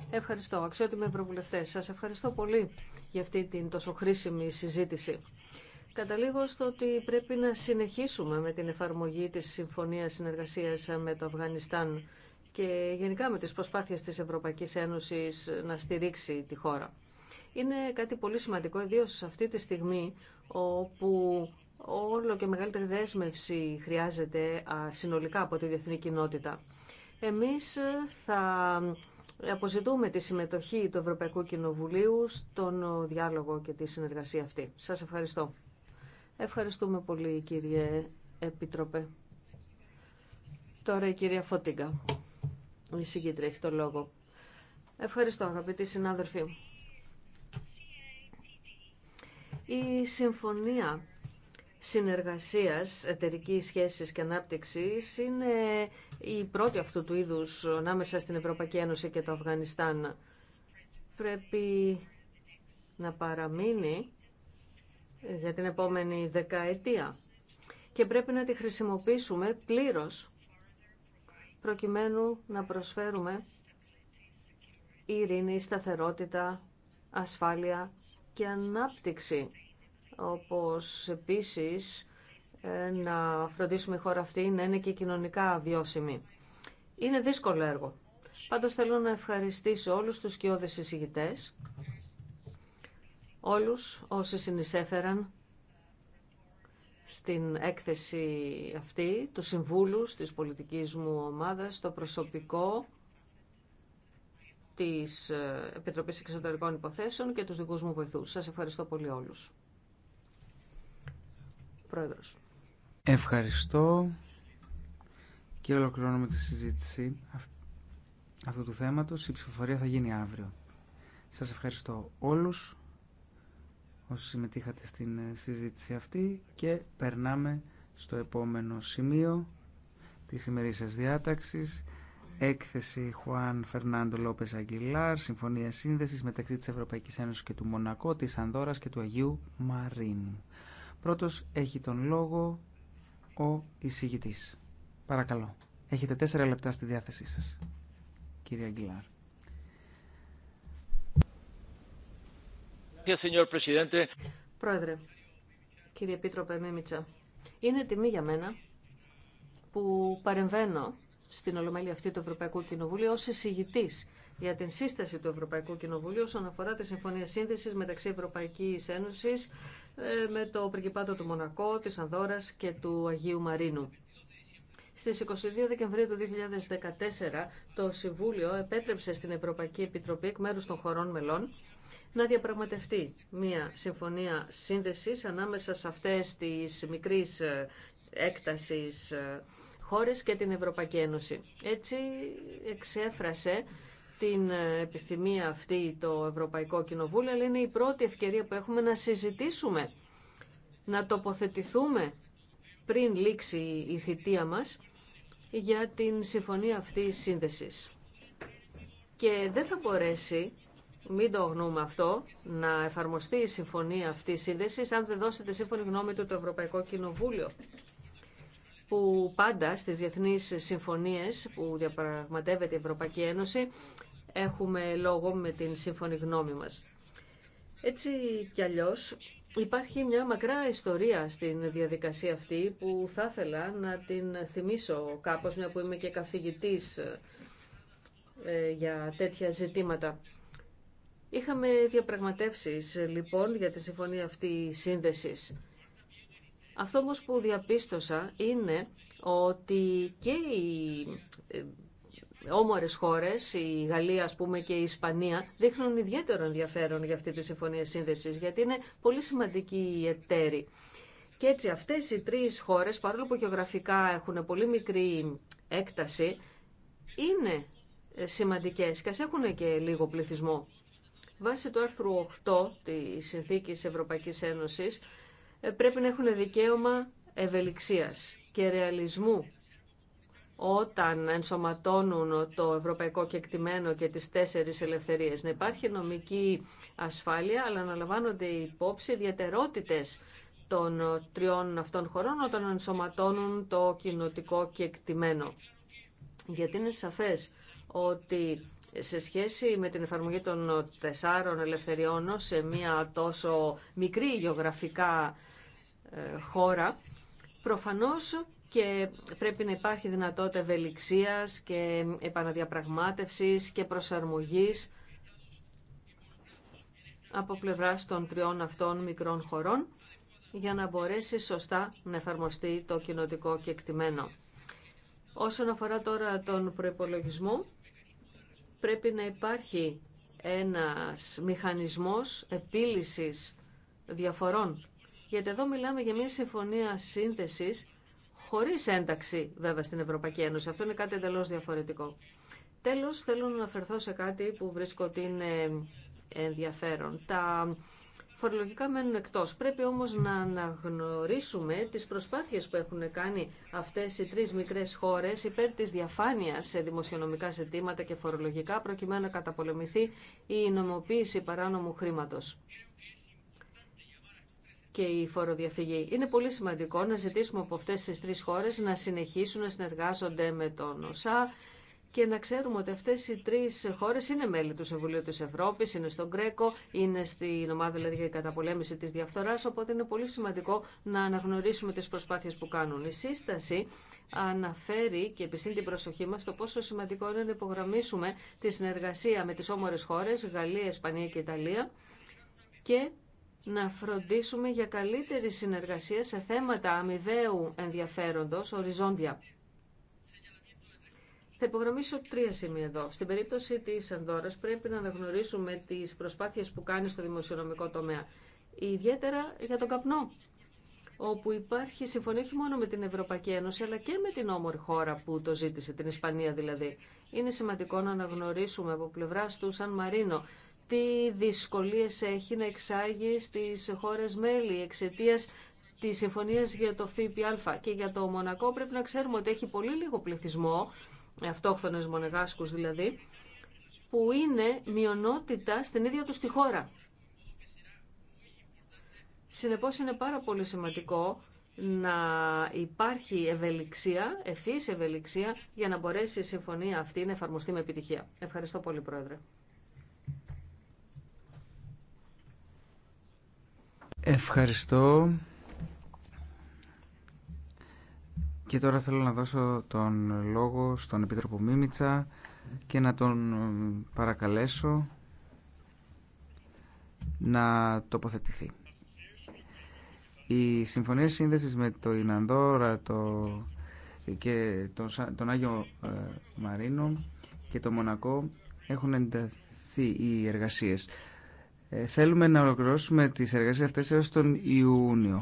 S2: Ευχαριστώ. Αξιότιμοι Ευρωβουλευτέ, σα ευχαριστώ πολύ για αυτή την τόσο χρήσιμη συζήτηση. Καταλήγω στο ότι πρέπει να συνεχίσουμε με την εφαρμογή της Συμφωνίας Συνεργασίας με το Αφγανιστάν και γενικά με τι προσπάθειε της Ευρωπαϊκή Ένωση να στηρίξει τη χώρα είναι κάτι πολύ σημαντικό, σε αυτή τη στιγμή όπου όλο και μεγαλύτερη δέσμευση χρειάζεται συνολικά από τη διεθνή κοινότητα. Εμείς ε, θα αποζητούμε τη συμμετοχή του Ευρωπαϊκού Κοινοβουλίου στον ε, διάλογο και τη συνεργασία αυτή. Σας ευχαριστώ. Ευχαριστούμε πολύ κύριε Επίτροπε. Τώρα η κυρία Φωτίγκα. Η συγκίτρια έχει το λόγο. Ευχαριστώ αγαπητοί συνάδελφοι. Η συμφωνία συνεργασίας, εταιρική σχέσης και ανάπτυξης είναι η πρώτη αυτού του είδους ανάμεσα στην Ευρωπαϊκή Ένωση και το Αφγανιστάν. Πρέπει να παραμείνει για την επόμενη δεκαετία και πρέπει να τη χρησιμοποιήσουμε πλήρως προκειμένου να προσφέρουμε ειρήνη, σταθερότητα, ασφάλεια και ανάπτυξη, όπως επίσης ε, να φροντίσουμε η χώρα αυτή να είναι και κοινωνικά βιώσιμη. Είναι δύσκολο έργο. Πάντως θέλω να ευχαριστήσω όλους τους σκιώδες εισηγητές, όλους όσοι συνεισέφεραν στην έκθεση αυτή, του συμβούλους της πολιτικής μου ομάδας, το προσωπικό της ε, Επιτροπής Εξωτερικών Υποθέσεων και του δικούς μου βοηθούς. Σας ευχαριστώ πολύ όλους. Πρόεδρος.
S3: Ευχαριστώ και ολοκληρώνουμε τη συζήτηση αυτού του θέματος. Η ψηφοφορία θα γίνει αύριο. Σας ευχαριστώ όλους όσοι συμμετείχατε στην ε, συζήτηση αυτή και περνάμε στο επόμενο σημείο της ημερήσιας διάταξης Έκθεση Χουάν Φερνάντο Λόπε Αγγιλάρ, Συμφωνία Σύνδεση μεταξύ τη Ευρωπαϊκή Ένωση και του Μονακό, τη Ανδόρα και του Αγίου Μαρίνου. Πρώτο έχει τον λόγο ο εισηγητή. Παρακαλώ. Έχετε τέσσερα λεπτά στη διάθεσή σας, κύριε Αγγιλάρ.
S2: Πρόεδρε, κύριε Επίτροπε Μίμητσα, είναι τιμή για μένα που παρεμβαίνω στην Ολομέλεια αυτή του Ευρωπαϊκού Κοινοβουλίου ως εισηγητή για την σύσταση του Ευρωπαϊκού Κοινοβουλίου όσον αφορά τη Συμφωνία σύνδεση μεταξύ Ευρωπαϊκής Ένωσης ε, με το Πριγκιπάτο του Μονακό, της Ανδόρας και του Αγίου Μαρίνου. Στις 22 Δεκεμβρίου του 2014 το Συμβούλιο επέτρεψε στην Ευρωπαϊκή Επιτροπή εκ μέρου των χωρών μελών να διαπραγματευτεί μια συμφωνία σύνδεσης ανάμεσα σε αυτές τις μικρής ε, έκτασης ε, χώρες και την Ευρωπαϊκή Ένωση. Έτσι εξέφρασε την ε, επιθυμία αυτή το Ευρωπαϊκό Κοινοβούλιο, αλλά είναι η πρώτη ευκαιρία που έχουμε να συζητήσουμε, να τοποθετηθούμε πριν λήξει η θητεία μας για την συμφωνία αυτή σύνδεσης. Και δεν θα μπορέσει, μην το γνώμε αυτό, να εφαρμοστεί η συμφωνία αυτή σύνδεσης αν δεν δώσετε σύμφωνη γνώμη του το Ευρωπαϊκό Κοινοβούλιο που πάντα στις διεθνείς συμφωνίες που διαπραγματεύεται η Ευρωπαϊκή Ένωση έχουμε λόγο με την σύμφωνη γνώμη μας. Έτσι κι αλλιώς υπάρχει μια μακρά ιστορία στην διαδικασία αυτή που θα ήθελα να την θυμίσω κάπως, μια που είμαι και καθηγητής ε, για τέτοια ζητήματα. Είχαμε διαπραγματεύσεις λοιπόν για τη συμφωνία αυτή σύνδεσης. Αυτό όμως που διαπίστωσα είναι ότι και οι ε, όμορες χώρες, η Γαλλία ας πούμε και η Ισπανία, δείχνουν ιδιαίτερο ενδιαφέρον για αυτή τη συμφωνία σύνδεσης, γιατί είναι πολύ σημαντική η εταίρη. Και έτσι αυτές οι τρεις χώρες, παρόλο που γεωγραφικά έχουν πολύ μικρή έκταση, είναι ε, σημαντικές και ας έχουν και λίγο πληθυσμό. Βάσει του άρθρου 8 της Συνθήκης Ευρωπαϊκής Ένωσης, πρέπει να έχουν δικαίωμα ευελιξίας και ρεαλισμού όταν ενσωματώνουν το ευρωπαϊκό κεκτημένο και τις τέσσερις ελευθερίες. Να υπάρχει νομική ασφάλεια, αλλά να λαμβάνονται υπόψη ιδιαιτερότητες των τριών αυτών χωρών όταν ενσωματώνουν το κοινοτικό κεκτημένο. Γιατί είναι σαφές ότι σε σχέση με την εφαρμογή των τεσσάρων ελευθεριών σε μια τόσο μικρή γεωγραφικά ε, χώρα, προφανώς και πρέπει να υπάρχει δυνατότητα ευελιξίας και επαναδιαπραγμάτευσης και προσαρμογής από πλευράς των τριών αυτών μικρών χωρών για να μπορέσει σωστά να εφαρμοστεί το κοινοτικό κεκτημένο. Όσον αφορά τώρα τον προπολογισμό, πρέπει να υπάρχει ένας μηχανισμός επίλυσης διαφορών. Γιατί εδώ μιλάμε για μια συμφωνία σύνθεσης χωρίς ένταξη βέβαια στην Ευρωπαϊκή Ένωση. Αυτό είναι κάτι εντελώς διαφορετικό. Τέλος, θέλω να αναφερθώ σε κάτι που βρίσκω ότι είναι ενδιαφέρον. Τα φορολογικά μένουν εκτός. Πρέπει όμως να αναγνωρίσουμε τις προσπάθειες που έχουν κάνει αυτές οι τρεις μικρές χώρες υπέρ της διαφάνειας σε δημοσιονομικά ζητήματα και φορολογικά προκειμένου να καταπολεμηθεί η νομοποίηση παράνομου χρήματος και η φοροδιαφυγή. Είναι πολύ σημαντικό να ζητήσουμε από αυτές τις τρεις χώρες να συνεχίσουν να συνεργάζονται με τον ΩΣΑ, και να ξέρουμε ότι αυτές οι τρεις χώρες είναι μέλη του Συμβουλίου της Ευρώπης, είναι στον Κρέκο, είναι στην ομάδα δηλαδή για την καταπολέμηση της διαφθοράς, οπότε είναι πολύ σημαντικό να αναγνωρίσουμε τις προσπάθειες που κάνουν. Η σύσταση αναφέρει και επιστήνει την προσοχή μας το πόσο σημαντικό είναι να υπογραμμίσουμε τη συνεργασία με τις όμορε χώρες, Γαλλία, Ισπανία και Ιταλία και να φροντίσουμε για καλύτερη συνεργασία σε θέματα αμοιβαίου ενδιαφέροντος, οριζόντια θα υπογραμμίσω τρία σημεία εδώ. Στην περίπτωση τη Ανδόρα, πρέπει να αναγνωρίσουμε τι προσπάθειε που κάνει στο δημοσιονομικό τομέα. Ιδιαίτερα για τον καπνό, όπου υπάρχει συμφωνία όχι μόνο με την Ευρωπαϊκή Ένωση, αλλά και με την όμορφη χώρα που το ζήτησε, την Ισπανία δηλαδή. Είναι σημαντικό να αναγνωρίσουμε από πλευρά του Σαν Μαρίνο τι δυσκολίε έχει να εξάγει στις χώρε μέλη εξαιτία τη συμφωνία για το ΦΠΑ και για το Μονακό πρέπει να ξέρουμε ότι έχει πολύ λίγο πληθυσμό αυτόχθονες μονεγάσκους δηλαδή, που είναι μειονότητα στην ίδια του τη χώρα. Συνεπώς είναι πάρα πολύ σημαντικό να υπάρχει ευελιξία, ευθύς ευελιξία, για να μπορέσει η συμφωνία αυτή να εφαρμοστεί με επιτυχία. Ευχαριστώ πολύ, Πρόεδρε.
S3: Ευχαριστώ. Και τώρα θέλω να δώσω τον λόγο στον Επίτροπο Μίμητσα και να τον παρακαλέσω να τοποθετηθεί. Οι συμφωνίες σύνδεσης με το Ινανδόρα το... και τον Άγιο ε, Μαρίνο και το Μονακό έχουν ενταθεί οι εργασίες. Ε, θέλουμε να ολοκληρώσουμε τις εργασίες αυτές έως τον Ιούνιο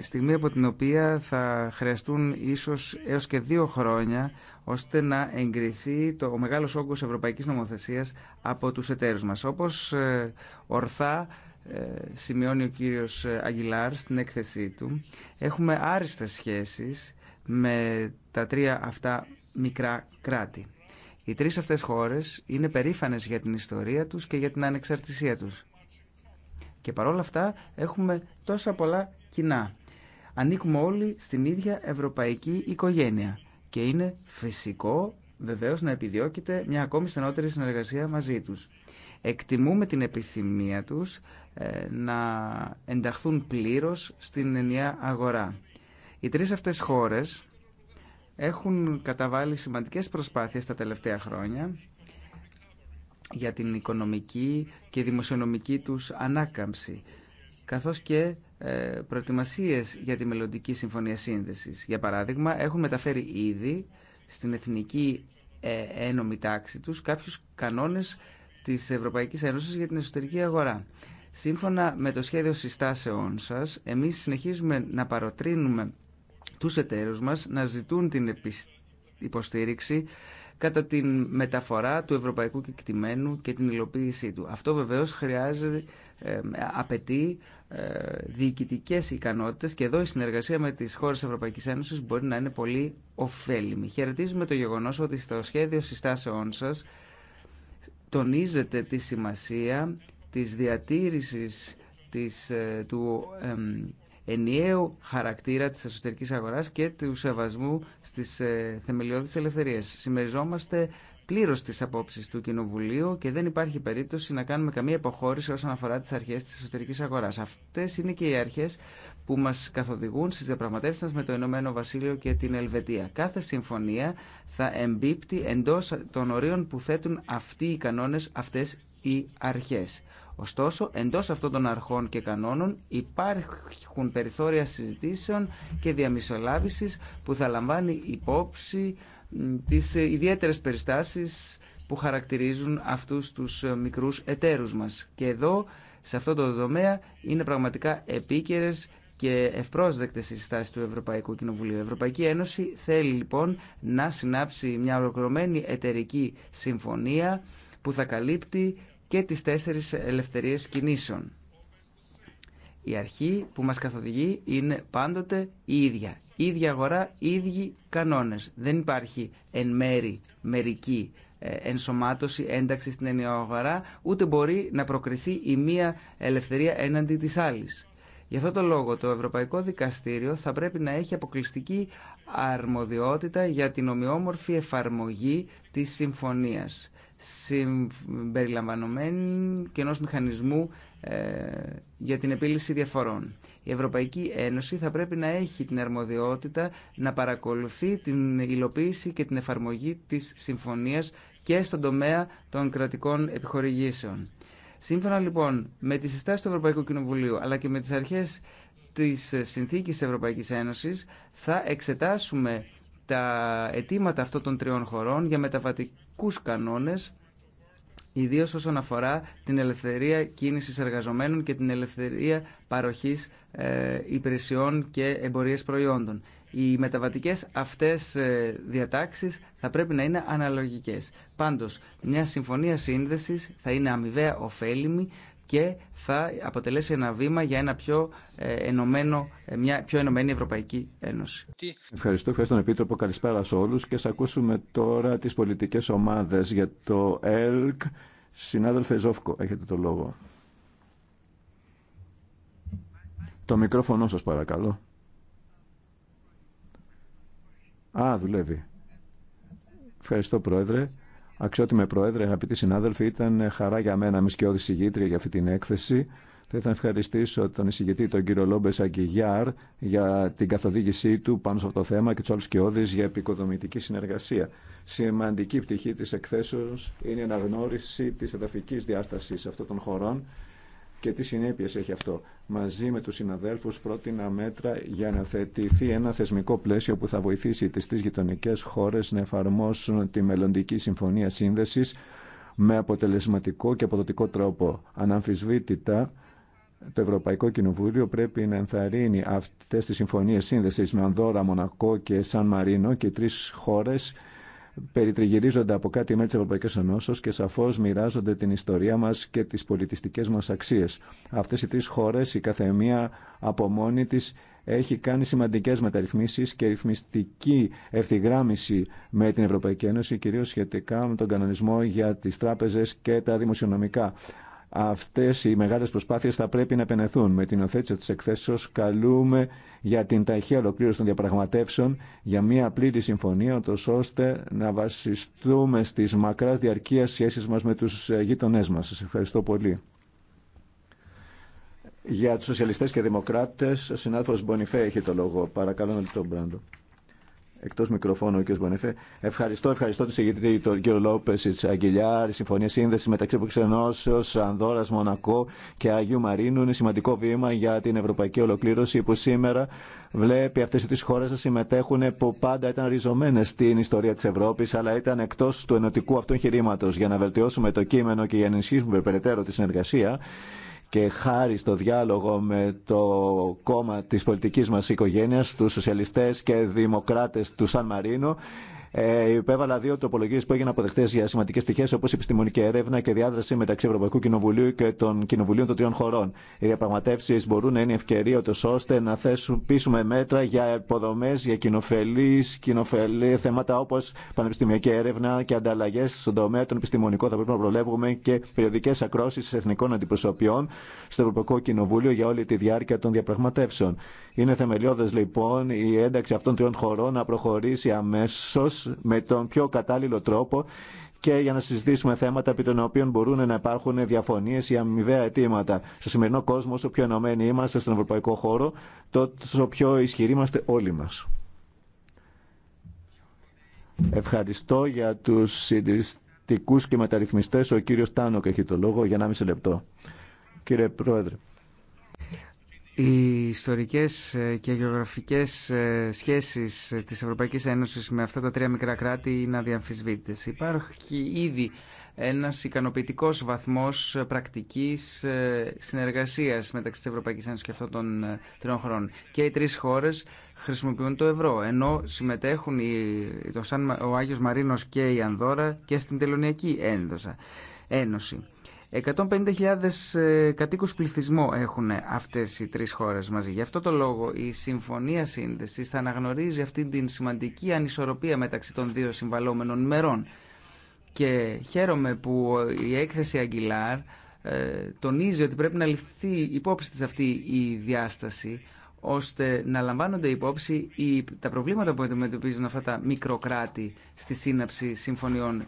S3: στιγμή από την οποία θα χρειαστούν ίσως έως και δύο χρόνια ώστε να εγκριθεί το, ο μεγάλος όγκος ευρωπαϊκής νομοθεσίας από τους εταίρους μας. Όπως ε, ορθά ε, σημειώνει ο κύριος ε, Αγγιλάρ στην έκθεσή του, έχουμε άριστες σχέσεις με τα τρία αυτά μικρά κράτη. Οι τρεις αυτές χώρες είναι περήφανες για την ιστορία τους και για την ανεξαρτησία τους. Και παρόλα αυτά έχουμε τόσα πολλά κοινά. Ανήκουμε όλοι στην ίδια ευρωπαϊκή οικογένεια και είναι φυσικό βεβαίω να επιδιώκεται μια ακόμη στενότερη συνεργασία μαζί τους. Εκτιμούμε την επιθυμία τους ε, να ενταχθούν πλήρως στην ενιαία αγορά. Οι τρεις αυτές χώρες έχουν καταβάλει σημαντικές προσπάθειες τα τελευταία χρόνια για την οικονομική και δημοσιονομική τους ανάκαμψη καθώς και ε, προετοιμασίες για τη μελλοντική συμφωνία σύνδεσης. Για παράδειγμα, έχουν μεταφέρει ήδη στην εθνική ε, ένωμη τάξη τους κάποιους κανόνες της Ευρωπαϊκής Ένωσης για την εσωτερική αγορά. Σύμφωνα με το σχέδιο συστάσεών σας, εμείς συνεχίζουμε να παροτρύνουμε τους εταίρους μας να ζητούν την υποστήριξη κατά τη μεταφορά του ευρωπαϊκού κεκτημένου και την υλοποίησή του. Αυτό βεβαίως χρειάζεται, ε, απαιτεί ε, διοικητικέ ικανότητε και εδώ η συνεργασία με τι χώρε Ευρωπαϊκή Ένωση μπορεί να είναι πολύ ωφέλιμη. Χαιρετίζουμε το γεγονό ότι στο σχέδιο συστάσεών σα τονίζεται τη σημασία της διατήρησης της, ε, του ενιαίου χαρακτήρα της εσωτερικής αγοράς και του σεβασμού στις ε, θεμελιώδεις ελευθερίες. Συμμεριζόμαστε Πλήρω τι απόψει του Κοινοβουλίου και δεν υπάρχει περίπτωση να κάνουμε καμία υποχώρηση όσον αφορά τι αρχέ τη εσωτερική αγορά. Αυτέ είναι και οι αρχέ που μα καθοδηγούν στι διαπραγματεύσει μα με το Ηνωμένο Βασίλειο και την Ελβετία. Κάθε συμφωνία θα εμπίπτει εντό των ορίων που θέτουν αυτοί οι κανόνε αυτέ οι αρχέ. Ωστόσο, εντός αυτών των αρχών και κανόνων υπάρχουν περιθώρια συζητήσεων και διαμισολάβησης που θα λαμβάνει υπόψη τις ιδιαίτερες περιστάσεις που χαρακτηρίζουν αυτούς τους μικρούς εταίρους μας. Και εδώ, σε αυτό το τομέα, είναι πραγματικά επίκαιρες και ευπρόσδεκτε οι συστάσει του Ευρωπαϊκού Κοινοβουλίου. Η Ευρωπαϊκή Ένωση θέλει λοιπόν να συνάψει μια ολοκληρωμένη εταιρική συμφωνία που θα καλύπτει και τις τέσσερις ελευθερίες κινήσεων. Η αρχή που μας καθοδηγεί είναι πάντοτε η ίδια ίδια αγορά, ίδιοι κανόνες. Δεν υπάρχει εν μέρη μερική ε, ενσωμάτωση, ένταξη στην ενιαία ούτε μπορεί να προκριθεί η μία ελευθερία έναντι της άλλης. Γι' αυτό το λόγο το Ευρωπαϊκό Δικαστήριο θα πρέπει να έχει αποκλειστική αρμοδιότητα για την ομοιόμορφη εφαρμογή της συμφωνίας συμπεριλαμβανομένου και ενός μηχανισμού ε, για την επίλυση διαφορών. Η Ευρωπαϊκή Ένωση θα πρέπει να έχει την αρμοδιότητα να παρακολουθεί την υλοποίηση και την εφαρμογή της συμφωνίας και στον τομέα των κρατικών επιχορηγήσεων. Σύμφωνα λοιπόν με τις συστάσεις του Ευρωπαϊκού Κοινοβουλίου αλλά και με τις αρχές της Συνθήκης της Ευρωπαϊκής Ένωσης θα εξετάσουμε τα αιτήματα αυτών των τριών χωρών για μεταβατική ειδικούς κανόνες ιδίως όσον αφορά την ελευθερία κίνησης εργαζομένων και την ελευθερία παροχή ε, υπηρεσιών και εμπορίες προϊόντων. Οι μεταβατικές αυτές ε, διατάξεις θα πρέπει να είναι αναλογικές. Πάντως, μια συμφωνία σύνδεσης θα είναι αμοιβαία ωφέλιμη, και θα αποτελέσει ένα βήμα για ένα πιο ε, ενωμένο, ε, μια πιο ενωμένη Ευρωπαϊκή Ένωση.
S1: Ευχαριστώ, ευχαριστώ τον Επίτροπο. Καλησπέρα σε όλους και θα ακούσουμε τώρα τις πολιτικές ομάδες για το ΕΛΚ. Συνάδελφε Ζόφκο, έχετε το λόγο. Το μικρόφωνο σας παρακαλώ. Α, δουλεύει. Ευχαριστώ Πρόεδρε. Αξιότιμε Πρόεδρε, αγαπητοί συνάδελφοι, ήταν χαρά για μένα, μη σκιώδη συγγήτρια για αυτή την έκθεση. Θα ήθελα να ευχαριστήσω τον εισηγητή, τον κύριο Λόμπε Αγγιγιάρ, για την καθοδήγησή του πάνω σε αυτό το θέμα και του άλλου σκιώδει για επικοδομητική συνεργασία. Σημαντική πτυχή τη εκθέσεω είναι η αναγνώριση τη εδαφική διάσταση αυτών των χωρών και τι συνέπειες έχει αυτό. Μαζί με τους συναδέλφους πρότεινα μέτρα για να θετηθεί ένα θεσμικό πλαίσιο που θα βοηθήσει τις τρεις γειτονικέ χώρες να εφαρμόσουν τη μελλοντική συμφωνία σύνδεσης με αποτελεσματικό και αποδοτικό τρόπο. Αναμφισβήτητα, το Ευρωπαϊκό Κοινοβούλιο πρέπει να ενθαρρύνει αυτές τις συμφωνίες σύνδεσης με Ανδόρα, Μονακό και Σαν Μαρίνο και τρεις χώρες περιτριγυρίζονται από κάτι μέλη τη Ευρωπαϊκή Ενώσεω και σαφώ μοιράζονται την ιστορία μα και τι πολιτιστικέ μα αξίε. Αυτέ οι τρει χώρε, η καθεμία από μόνη τη, έχει κάνει σημαντικέ μεταρρυθμίσει και ρυθμιστική ευθυγράμμιση με την Ευρωπαϊκή Ένωση, κυρίω σχετικά με τον κανονισμό για τι τράπεζε και τα δημοσιονομικά. Αυτέ οι μεγάλες προσπάθειες θα πρέπει να επενεθούν. Με την οθέτηση τη εκθέσεω. καλούμε για την ταχεία ολοκλήρωση των διαπραγματεύσεων για μια απλή συμφωνία, ώστε να βασιστούμε στις μακρά διαρκεία σχέσεις μας με τους γείτονε μας. Σας ευχαριστώ πολύ. Για τους σοσιαλιστές και δημοκράτες, ο συνάδελφος Μπονιφέ έχει το λόγο. Παρακαλώ να τον Μπράντο. Εκτό μικροφώνου, ο κ. Μπονεφέ. Ευχαριστώ, ευχαριστώ τον ηγητή, τον κ. Λόπε, τη Αγγελιάρ. Η συμφωνία σύνδεση μεταξύ Αποξενώσεω, Ανδόρα, Μονακό και Αγίου Μαρίνου είναι σημαντικό βήμα για την ευρωπαϊκή ολοκλήρωση που σήμερα βλέπει αυτέ τι χώρε να συμμετέχουν που πάντα ήταν ριζωμένε στην ιστορία τη Ευρώπη, αλλά ήταν εκτό του ενωτικού αυτού εγχειρήματο. Για να βελτιώσουμε το κείμενο και για να ενισχύσουμε περαιτέρω τη συνεργασία, και χάρη στο διάλογο με το κόμμα της πολιτικής μας οικογένειας, τους σοσιαλιστές και δημοκράτες του Σαν Μαρίνο, ε, υπέβαλα δύο τροπολογίε που έγιναν αποδεκτέ για σημαντικέ πτυχέ, όπω επιστημονική έρευνα και διάδραση μεταξύ Ευρωπαϊκού Κοινοβουλίου και των Κοινοβουλίων των Τριών Χωρών. Οι διαπραγματεύσει μπορούν να είναι ευκαιρία ώστε να θέσουν πίσουμε μέτρα για υποδομέ, για κοινοφελεί, κοινοφελή θέματα όπω πανεπιστημιακή έρευνα και ανταλλαγέ στον τομέα των επιστημονικών. Θα πρέπει να προλεύουμε και περιοδικέ ακρόσει εθνικών αντιπροσωπιών στο Ευρωπαϊκό Κοινοβούλιο για όλη τη διάρκεια των διαπραγματεύσεων. Είναι θεμελιώδε λοιπόν η ένταξη αυτών τριών χωρών να προχωρήσει αμέσω με τον πιο κατάλληλο τρόπο και για να συζητήσουμε θέματα επί των οποίων μπορούν να υπάρχουν διαφωνίε ή αμοιβαία αιτήματα. Στο σημερινό κόσμο, όσο πιο ενωμένοι είμαστε στον ευρωπαϊκό χώρο, τόσο πιο ισχυροί είμαστε όλοι μα. Ευχαριστώ για του συντηρητικού και μεταρρυθμιστέ. Ο κύριο Τάνοκ έχει το λόγο για 1,5 λεπτό. Κύριε Πρόεδρε.
S3: Οι ιστορικές ε, και γεωγραφικές ε, σχέσεις ε, της Ευρωπαϊκής Ένωσης με αυτά τα τρία μικρά κράτη είναι αδιαμφισβήτητες. Υπάρχει ήδη ένας ικανοποιητικός βαθμός πρακτικής συνεργασίας μεταξύ της Ευρωπαϊκής Ένωσης και αυτών των τριών χρόνων. Και οι τρεις χώρες χρησιμοποιούν το ευρώ, ενώ συμμετέχουν το ο Άγιος Μαρίνος και η Ανδόρα και στην Τελωνιακή Ένωση. 150.000 ε, κατοίκους πληθυσμό έχουν αυτές οι τρεις χώρες μαζί. Γι' αυτό το λόγο η Συμφωνία Σύνδεσης θα αναγνωρίζει αυτή την σημαντική ανισορροπία μεταξύ των δύο συμβαλόμενων μερών. Και χαίρομαι που η έκθεση Αγγιλάρ ε, τονίζει ότι πρέπει να ληφθεί υπόψη της αυτή η διάσταση ώστε να λαμβάνονται υπόψη τα προβλήματα που αντιμετωπίζουν αυτά τα μικροκράτη στη σύναψη συμφωνιών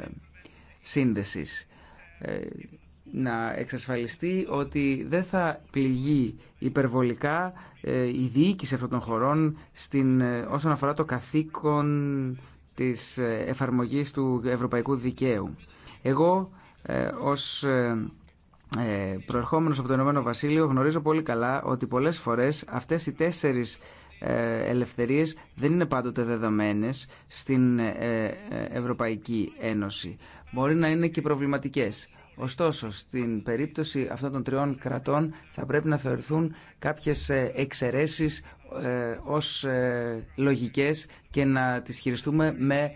S3: ε, σύνδεσης. Ε, να εξασφαλιστεί ότι δεν θα πληγεί υπερβολικά ε, η διοίκηση αυτών των χωρών στην, ε, όσον αφορά το καθήκον της εφαρμογής του ευρωπαϊκού δικαίου. Εγώ ως προερχόμενος από το Ηνωμένο Βασίλειο γνωρίζω πολύ καλά ότι πολλές φορές αυτές οι τέσσερις ελευθερίες δεν είναι πάντοτε δεδομένες στην Ευρωπαϊκή Ένωση μπορεί να είναι και προβληματικές. Ωστόσο, στην περίπτωση αυτών των τριών κρατών θα πρέπει να θεωρηθούν κάποιες ε, εξαιρέσεις ε, ως ε, λογικές και να τις χειριστούμε με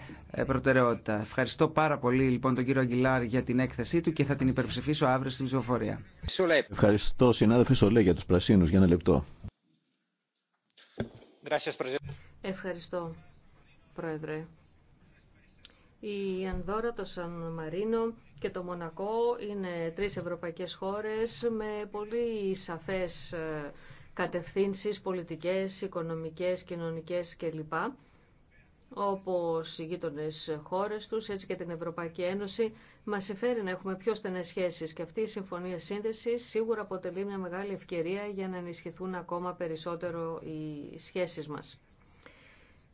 S3: προτεραιότητα. Ευχαριστώ πάρα πολύ λοιπόν τον κύριο Αγγιλάρ για την έκθεσή του και θα την υπερψηφίσω αύριο στην ψηφοφορία.
S1: Ευχαριστώ συνάδελφε Σολέ για τους πρασίνους. Για ένα λεπτό.
S3: Ευχαριστώ,
S2: Πρόεδρε. Η Ανδόρα, το Σαν Μαρίνο και το Μονακό είναι τρεις ευρωπαϊκές χώρες με πολύ σαφές ε, κατευθύνσεις πολιτικές, οικονομικές, κοινωνικές κλπ. Όπως οι γείτονε χώρες τους, έτσι και την Ευρωπαϊκή Ένωση, μας εφέρει να έχουμε πιο στενές σχέσεις και αυτή η Συμφωνία Σύνδεσης σίγουρα αποτελεί μια μεγάλη ευκαιρία για να ενισχυθούν ακόμα περισσότερο οι σχέσεις μας.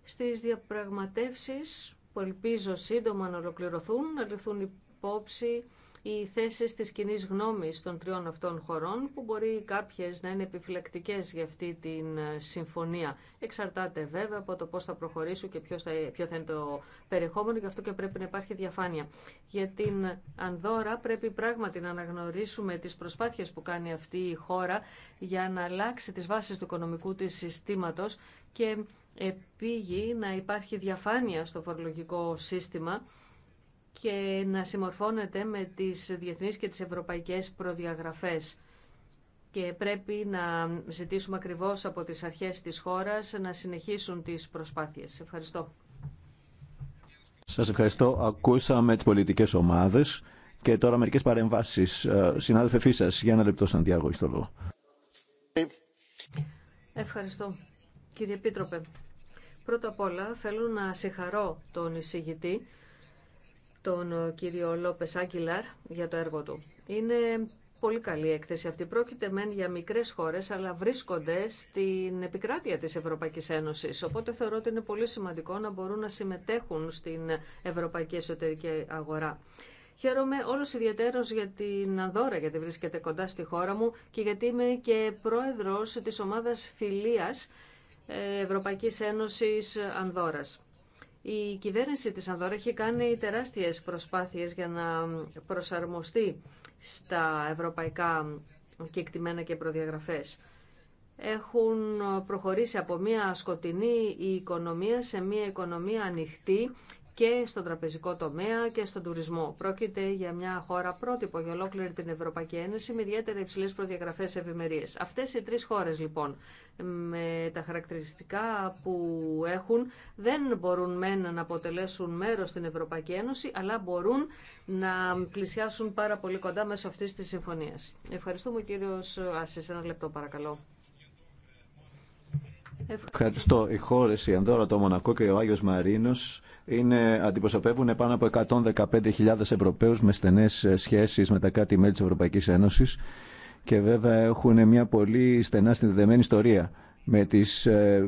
S2: Στις διαπραγματεύσεις που ελπίζω σύντομα να ολοκληρωθούν, να ληφθούν υπόψη οι θέσεις της κοινή γνώμης των τριών αυτών χωρών, που μπορεί κάποιες να είναι επιφυλακτικές για αυτή τη ε, συμφωνία. Εξαρτάται βέβαια από το πώς θα προχωρήσουν και θα, ποιο θα είναι το περιεχόμενο, γι' αυτό και πρέπει να υπάρχει διαφάνεια. Για την Ανδώρα πρέπει πράγματι να αναγνωρίσουμε τις προσπάθειες που κάνει αυτή η χώρα για να αλλάξει τις βάσεις του οικονομικού της συστήματος και επίγει να υπάρχει διαφάνεια στο φορολογικό σύστημα και να συμμορφώνεται με τις διεθνείς και τις ευρωπαϊκές προδιαγραφές. Και πρέπει να ζητήσουμε ακριβώς από τις αρχές της χώρας να συνεχίσουν τις προσπάθειες. Ευχαριστώ.
S1: Σας ευχαριστώ. Ακούσαμε τις πολιτικές ομάδες και τώρα μερικές παρεμβάσεις. Ε, συνάδελφε Φίσας, για ένα λεπτό Σαντιάγο, εις το λόγο. Ε.
S2: Ευχαριστώ. Κύριε Επίτροπε, Πρώτα απ' όλα θέλω να συγχαρώ τον εισηγητή, τον κύριο Λόπες Άγκυλαρ, για το έργο του. Είναι πολύ καλή η έκθεση αυτή. Πρόκειται μεν για μικρές χώρες, αλλά βρίσκονται στην επικράτεια της Ευρωπαϊκής Ένωσης. Οπότε θεωρώ ότι είναι πολύ σημαντικό να μπορούν να συμμετέχουν στην ευρωπαϊκή εσωτερική αγορά. Χαίρομαι όλο ιδιαίτερω για την Ανδώρα, γιατί βρίσκεται κοντά στη χώρα μου και γιατί είμαι και πρόεδρο τη ομάδα φιλία Ευρωπαϊκής Ένωσης Ανδόρας. Η κυβέρνηση της Ανδόρα έχει κάνει τεράστιες προσπάθειες για να προσαρμοστεί στα ευρωπαϊκά κεκτημένα και προδιαγραφές. Έχουν προχωρήσει από μια σκοτεινή οικονομία σε μια οικονομία ανοιχτή και στον τραπεζικό τομέα και στον τουρισμό. Πρόκειται για μια χώρα πρότυπο για ολόκληρη την Ευρωπαϊκή Ένωση με ιδιαίτερα υψηλέ προδιαγραφέ ευημερίε. Αυτέ οι τρει χώρε λοιπόν με τα χαρακτηριστικά που έχουν δεν μπορούν μεν να αποτελέσουν μέρο στην Ευρωπαϊκή Ένωση αλλά μπορούν να πλησιάσουν πάρα πολύ κοντά μέσω αυτή τη συμφωνία. Ευχαριστούμε κύριο Άση. Ένα λεπτό παρακαλώ.
S1: Ευχαριστώ. Οι χώρε, η Ανδόρα, το Μονακό και ο Άγιο Μαρίνο αντιπροσωπεύουν πάνω από 115.000 Ευρωπαίου με στενέ ε, σχέσει με τα κράτη-μέλη τη Ευρωπαϊκή Ένωση και βέβαια έχουν μια πολύ στενά συνδεδεμένη ιστορία με τι ε,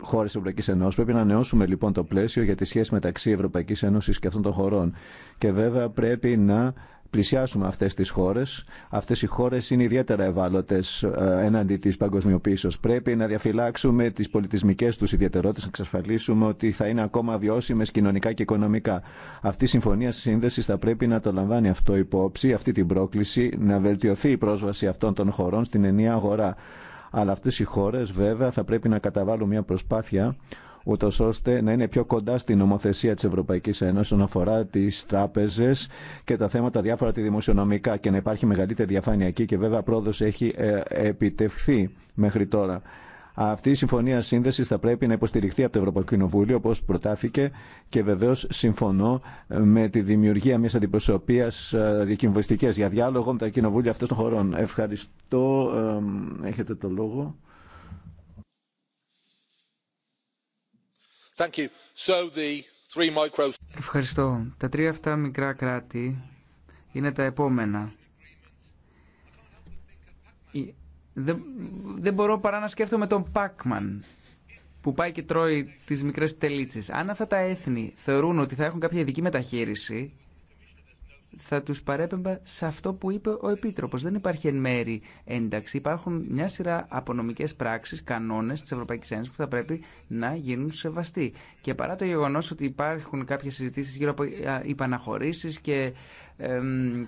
S1: χώρε τη Ευρωπαϊκή Ένωση. Πρέπει να νεώσουμε λοιπόν το πλαίσιο για τη σχέση μεταξύ Ευρωπαϊκή Ένωση και αυτών των χωρών. Και βέβαια πρέπει να πλησιάσουμε αυτές τις χώρες. Αυτές οι χώρες είναι ιδιαίτερα ευάλωτες ε, έναντι της παγκοσμιοποίησης. Πρέπει να διαφυλάξουμε τις πολιτισμικές τους ιδιαιτερότητες, να εξασφαλίσουμε ότι θα είναι ακόμα βιώσιμες κοινωνικά και οικονομικά. Αυτή η συμφωνία σύνδεση θα πρέπει να το λαμβάνει αυτό υπόψη, αυτή την πρόκληση, να βελτιωθεί η πρόσβαση αυτών των χωρών στην ενιαία αγορά. Αλλά αυτές οι χώρες βέβαια θα πρέπει να καταβάλουν μια προσπάθεια ούτω ώστε να είναι πιο κοντά στην νομοθεσία τη Ευρωπαϊκή Ένωση όσον αφορά τι τράπεζε και τα θέματα διάφορα τη δημοσιονομικά και να υπάρχει μεγαλύτερη διαφάνεια εκεί και βέβαια πρόοδο έχει ε, επιτευχθεί μέχρι τώρα. Αυτή η συμφωνία σύνδεση θα πρέπει να υποστηριχθεί από το Ευρωπαϊκό Κοινοβούλιο, όπω προτάθηκε, και βεβαίω συμφωνώ ε, με τη δημιουργία μια αντιπροσωπεία ε, διακυμβιστική για διάλογο με τα κοινοβούλια αυτών των χωρών. Ευχαριστώ.
S3: Έχετε το λόγο. Ευχαριστώ. Τα τρία αυτά μικρά κράτη είναι τα επόμενα. Δεν, δεν μπορώ παρά να σκέφτομαι τον Πάκμαν που πάει και τρώει τις μικρές τελίτσες. Αν αυτά τα έθνη θεωρούν ότι θα έχουν κάποια ειδική μεταχείριση θα τους παρέπεμπα σε αυτό που είπε ο Επίτροπος. Δεν υπάρχει εν μέρη ένταξη. Υπάρχουν μια σειρά απονομικές πράξει, κανόνες της Ευρωπαϊκής Ένωσης που θα πρέπει να γίνουν σεβαστοί. Και παρά το γεγονός ότι υπάρχουν κάποιες συζητήσεις γύρω από υπαναχωρήσει και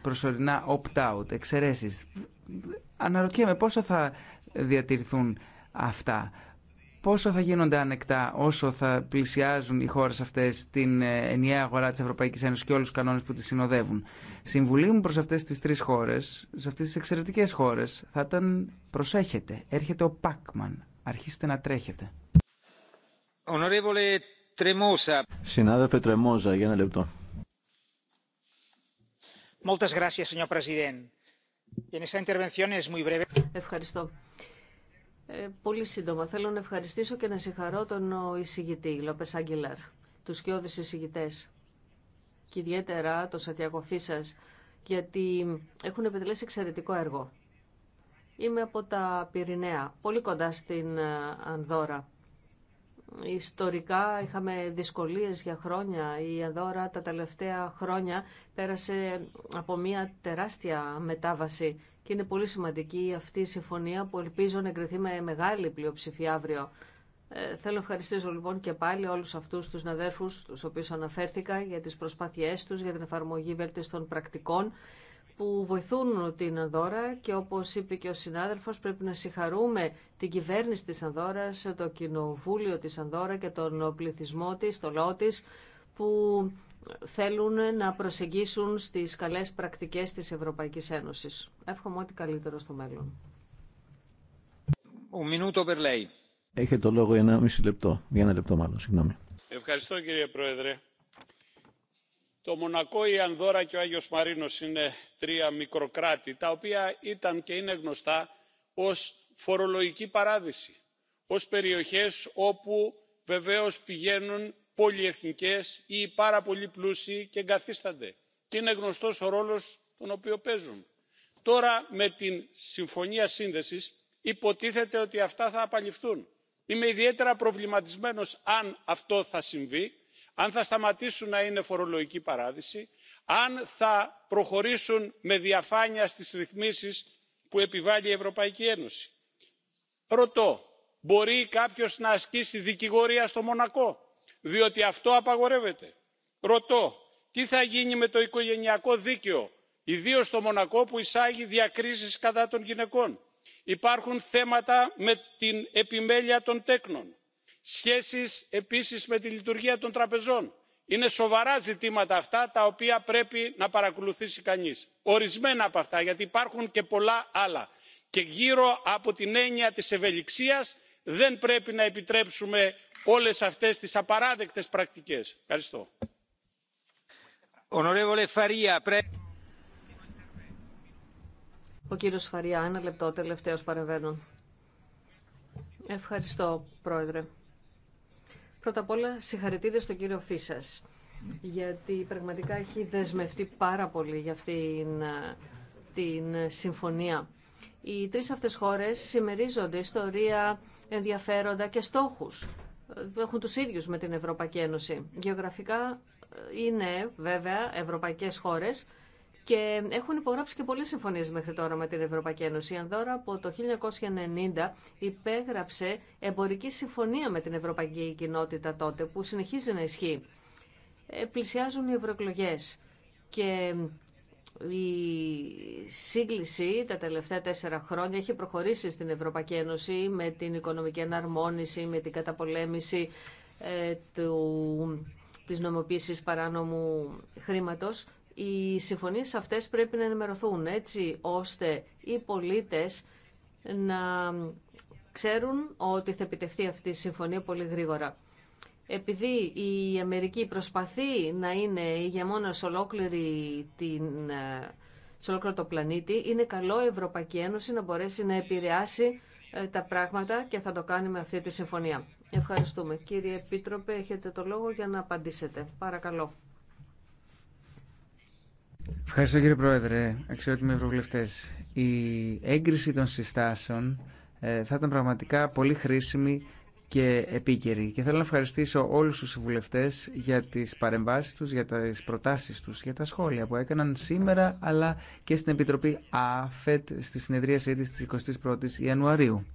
S3: προσωρινά opt-out, εξαιρέσει, αναρωτιέμαι πόσο θα διατηρηθούν αυτά πόσο θα γίνονται ανεκτά όσο θα πλησιάζουν οι χώρες αυτές την ε, ενιαία αγορά της Ευρωπαϊκής Ένωσης και όλους τους κανόνες που τις συνοδεύουν. Συμβουλή μου προς αυτές τις τρεις χώρες, σε αυτές τις εξαιρετικές χώρες, θα ήταν προσέχετε, έρχεται ο Πάκμαν, αρχίστε να τρέχετε.
S1: Συνάδελφε Τρεμόζα, για ένα λεπτό.
S2: Ευχαριστώ. Ε, πολύ σύντομα. Θέλω να ευχαριστήσω και να συγχαρώ τον εισηγητή Λόπε Άγγελαρ, τους σκιώδη εισηγητέ. και ιδιαίτερα το σατίακοφί σα, γιατί έχουν επιτελέσει εξαιρετικό έργο. Είμαι από τα Πυρηναία, πολύ κοντά στην ε, Ανδόρα. Ιστορικά είχαμε δυσκολίες για χρόνια. Η Ανδόρα τα τελευταία χρόνια πέρασε από μια τεράστια μετάβαση και είναι πολύ σημαντική αυτή η συμφωνία που ελπίζω να εγκριθεί με μεγάλη πλειοψηφία αύριο. Ε, θέλω να ευχαριστήσω λοιπόν και πάλι όλους αυτούς τους αδέρφου, του οποίους αναφέρθηκα, για τις προσπάθειές τους, για την εφαρμογή βέλτιστων πρακτικών που βοηθούν την Ανδώρα και όπως είπε και ο συνάδελφο, πρέπει να συγχαρούμε την κυβέρνηση τη Ανδώρα, το κοινοβούλιο τη Ανδώρα και τον πληθυσμό τη το λαό τη, που θέλουν να προσεγγίσουν στις καλές πρακτικές της Ευρωπαϊκής Ένωσης. Εύχομαι ό,τι καλύτερο στο μέλλον.
S4: Ο
S1: Έχετε το λόγο για ένα μισή λεπτό, για ένα λεπτό μάλλον, συγγνώμη.
S4: Ευχαριστώ κύριε Πρόεδρε. Το Μονακό, η Ανδόρα και ο Άγιος Μαρίνος είναι τρία μικροκράτη, τα οποία ήταν και είναι γνωστά ως φορολογική παράδειση, ως περιοχές όπου βεβαίως πηγαίνουν πολυεθνικές ή οι πάρα πολύ πλούσιοι και εγκαθίστανται και είναι γνωστός ο ρόλος τον οποίο παίζουν. τώρα με την συμφωνία σύνδεσης υποτίθεται ότι αυτά θα απαλληφθούν. είμαι ιδιαίτερα προβληματισμένος αν αυτό θα συμβεί αν θα σταματήσουν να είναι φορολογική παράδειση αν θα προχωρήσουν με διαφάνεια στις ρυθμίσεις που επιβάλλει η ευρωπαϊκή ένωση. ρωτώ μπορεί κάποιος να ασκήσει δικηγορία στο μονακό; διότι αυτό απαγορεύεται. ρωτώ τι θα γίνει με το οικογενειακό δίκαιο ιδίω στο μονακό που εισάγει διακρίσεις κατά των γυναικών. υπάρχουν θέματα με την επιμέλεια των τέκνων σχέσεις επίσης με τη λειτουργία των τραπεζών. είναι σοβαρά ζητήματα αυτά τα οποία πρέπει να παρακολουθήσει κανείς. ορισμένα από αυτά γιατί υπάρχουν και πολλά άλλα και γύρω από την έννοια τη ευελιξία δεν πρέπει να επιτρέψουμε όλες αυτές τις απαράδεκτες πρακτικές. Ευχαριστώ.
S2: Ο κύριος Φαρία, ένα λεπτό, τελευταίος Ευχαριστώ, Πρόεδρε. Πρώτα απ' όλα, συγχαρητήρια στον κύριο Φίσας, γιατί πραγματικά έχει δεσμευτεί πάρα πολύ για αυτήν την συμφωνία. Οι τρεις αυτές χώρες συμμερίζονται ιστορία, ενδιαφέροντα και στόχους έχουν τους ίδιους με την Ευρωπαϊκή Ένωση. Γεωγραφικά ε, είναι βέβαια ευρωπαϊκές χώρες και έχουν υπογράψει και πολλές συμφωνίες μέχρι τώρα με την Ευρωπαϊκή Ένωση. Η Ανδόρα από το 1990 υπέγραψε εμπορική συμφωνία με την Ευρωπαϊκή Κοινότητα τότε που συνεχίζει να ισχύει. Ε, πλησιάζουν οι ευρωεκλογέ και η σύγκληση τα τελευταία τέσσερα χρόνια έχει προχωρήσει στην Ευρωπαϊκή Ένωση με την οικονομική εναρμόνιση, με την καταπολέμηση ε, του, της νομοποίησης παράνομου χρήματος. Οι συμφωνίες αυτές πρέπει να ενημερωθούν έτσι ώστε οι πολίτες να ξέρουν ότι θα επιτευχθεί αυτή η συμφωνία πολύ γρήγορα επειδή η Αμερική προσπαθεί να είναι ηγεμόνα σε, ολόκληρη την, ε, σε ολόκληρο το πλανήτη, είναι καλό η Ευρωπαϊκή Ένωση να μπορέσει να επηρεάσει ε, τα πράγματα και θα το κάνει με αυτή τη συμφωνία. Ευχαριστούμε. Κύριε Επίτροπε, έχετε το λόγο για να απαντήσετε. Παρακαλώ.
S3: Ευχαριστώ κύριε Πρόεδρε, αξιότιμοι ευρωβουλευτές. Η έγκριση των συστάσεων ε, θα ήταν πραγματικά πολύ χρήσιμη και επίκαιρη. Και θέλω να ευχαριστήσω όλους τους συμβουλευτές για τις παρεμβάσεις τους, για τις προτάσεις τους, για τα σχόλια που έκαναν σήμερα, αλλά και στην Επιτροπή ΑΦΕΤ στη συνεδρίασή της 21ης Ιανουαρίου.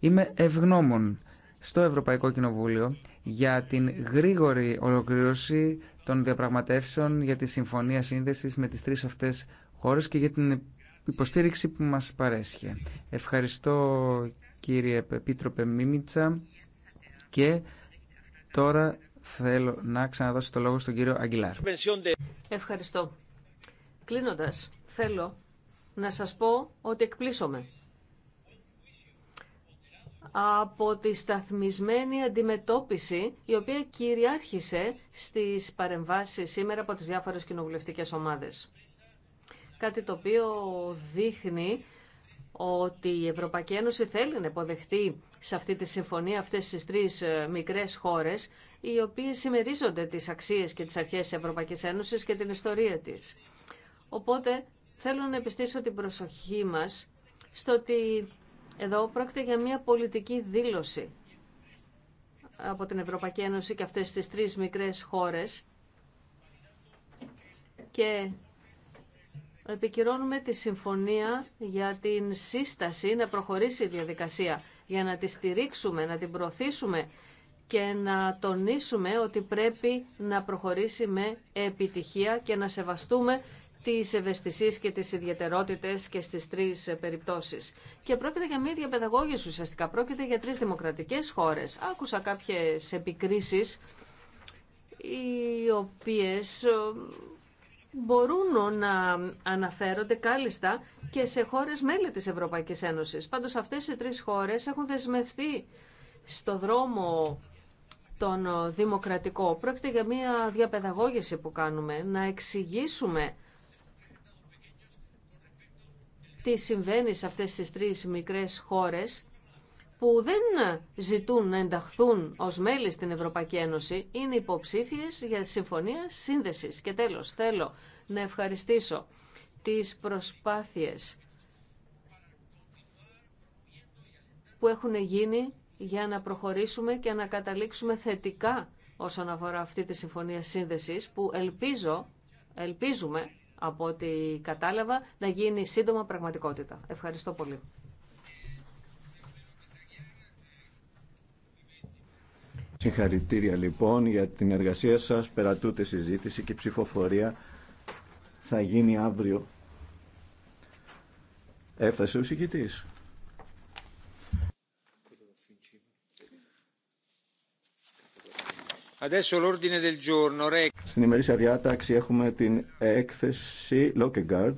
S3: Είμαι ευγνώμων στο Ευρωπαϊκό Κοινοβούλιο για την γρήγορη ολοκλήρωση των διαπραγματεύσεων για τη Συμφωνία Σύνδεσης με τις τρεις αυτές χώρες και για την υποστήριξη που μας παρέσχε. Ευχαριστώ κύριε Επίτροπε Μίμητσα. Και τώρα θέλω να ξαναδώσω το λόγο στον κύριο Αγγιλάρ.
S2: Ευχαριστώ. Κλείνοντας, θέλω να σας πω ότι εκπλήσωμε από τη σταθμισμένη αντιμετώπιση η οποία κυριάρχησε στις παρεμβάσεις σήμερα από τις διάφορες κοινοβουλευτικές ομάδες. Κάτι το οποίο δείχνει ότι η Ευρωπαϊκή Ένωση θέλει να υποδεχτεί σε αυτή τη συμφωνία αυτές τις τρεις ε, μικρές χώρες οι οποίες συμμερίζονται τις αξίες και τις αρχές της Ευρωπαϊκής Ένωσης και την ιστορία της. Οπότε θέλω να επιστήσω την προσοχή μας στο ότι εδώ πρόκειται για μια πολιτική δήλωση από την Ευρωπαϊκή Ένωση και αυτές τις τρεις μικρές χώρες επικυρώνουμε τη συμφωνία για την σύσταση να προχωρήσει η διαδικασία, για να τη στηρίξουμε, να την προωθήσουμε και να τονίσουμε ότι πρέπει να προχωρήσει με επιτυχία και να σεβαστούμε τις ευαισθησίες και τις ιδιαιτερότητες και στις τρεις περιπτώσεις. Και πρόκειται για μια διαπαιδαγώγηση ουσιαστικά, πρόκειται για τρεις δημοκρατικές χώρες. Άκουσα κάποιες επικρίσεις οι οποίες μπορούν να αναφέρονται κάλλιστα και σε χώρες μέλη της Ευρωπαϊκής Ένωσης. Πάντως αυτές οι τρεις χώρες έχουν δεσμευτεί στο δρόμο τον δημοκρατικό. Πρόκειται για μια διαπαιδαγώγηση που κάνουμε, να εξηγήσουμε τι συμβαίνει σε αυτές τις τρεις μικρές χώρες που δεν ζητούν να ενταχθούν ως μέλη στην Ευρωπαϊκή Ένωση είναι υποψήφιες για συμφωνία σύνδεσης. Και τέλος, θέλω να ευχαριστήσω τις προσπάθειες που έχουν γίνει για να προχωρήσουμε και να καταλήξουμε θετικά όσον αφορά αυτή τη συμφωνία σύνδεσης που ελπίζω, ελπίζουμε από ό,τι κατάλαβα να γίνει σύντομα πραγματικότητα. Ευχαριστώ πολύ.
S1: Συγχαρητήρια λοιπόν για την εργασία σας. Περατούτε συζήτηση και ψηφοφορία θα γίνει αύριο. Έφτασε ο συγκητής. Στην ημερήσια διάταξη έχουμε την έκθεση Lockegaard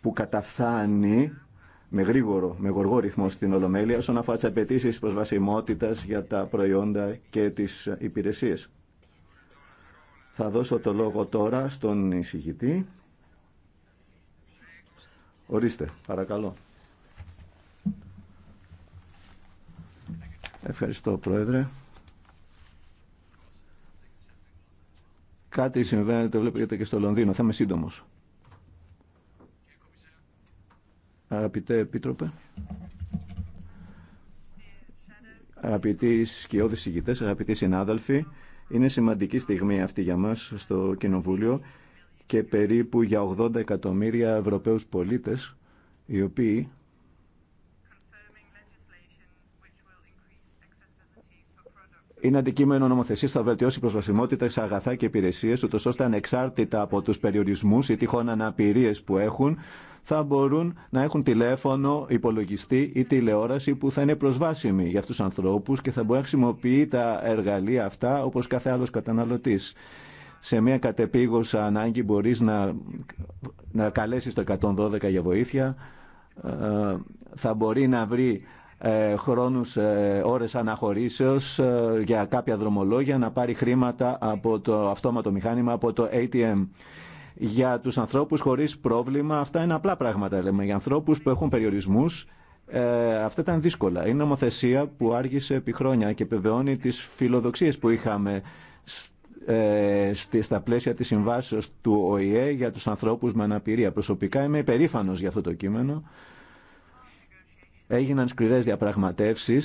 S1: που καταφθάνει με γρήγορο, με γοργό ρυθμό στην Ολομέλεια όσον αφορά τι απαιτήσει προσβασιμότητα για τα προϊόντα και τι υπηρεσίε. Θα δώσω το λόγο τώρα στον εισηγητή. Ορίστε, παρακαλώ. Ευχαριστώ, Πρόεδρε. Κάτι συμβαίνει, το βλέπετε και στο Λονδίνο. Θα είμαι σύντομος. αγαπητέ Επίτροπε, αγαπητοί σκιώδεις ηγητές, αγαπητοί συνάδελφοι, είναι σημαντική στιγμή αυτή για μας στο Κοινοβούλιο και περίπου για 80 εκατομμύρια Ευρωπαίους πολίτες, οι οποίοι είναι αντικείμενο νομοθεσία θα βελτιώσει προσβασιμότητα σε αγαθά και υπηρεσίε, ούτω ώστε ανεξάρτητα από του περιορισμού ή τυχόν αναπηρίε που έχουν, θα μπορούν να έχουν τηλέφωνο, υπολογιστή ή τηλεόραση που θα είναι προσβάσιμη για αυτούς τους ανθρώπους και θα μπορεί να χρησιμοποιεί τα εργαλεία αυτά όπως κάθε άλλος καταναλωτής. Σε μια κατεπήγωσα ανάγκη μπορείς να, να καλέσεις το 112 για βοήθεια, ε, θα μπορεί να βρει ε, χρόνους, ε, ώρες αναχωρήσεως για κάποια δρομολόγια, να πάρει χρήματα από το αυτόματο μηχάνημα, από το ATM. Για του ανθρώπου χωρί πρόβλημα αυτά είναι απλά πράγματα λέμε. Για ανθρώπου που έχουν περιορισμού, ε, αυτά ήταν δύσκολα. Είναι νομοθεσία που άργησε επί χρόνια και επιβεβαιώνει τι φιλοδοξίε που είχαμε ε, στα πλαίσια τη συμβάσεω του ΟΗΕ για τους ανθρώπου με αναπηρία. Προσωπικά είμαι υπερήφανο για αυτό το κείμενο. Έγιναν σκληρέ διαπραγματεύσει,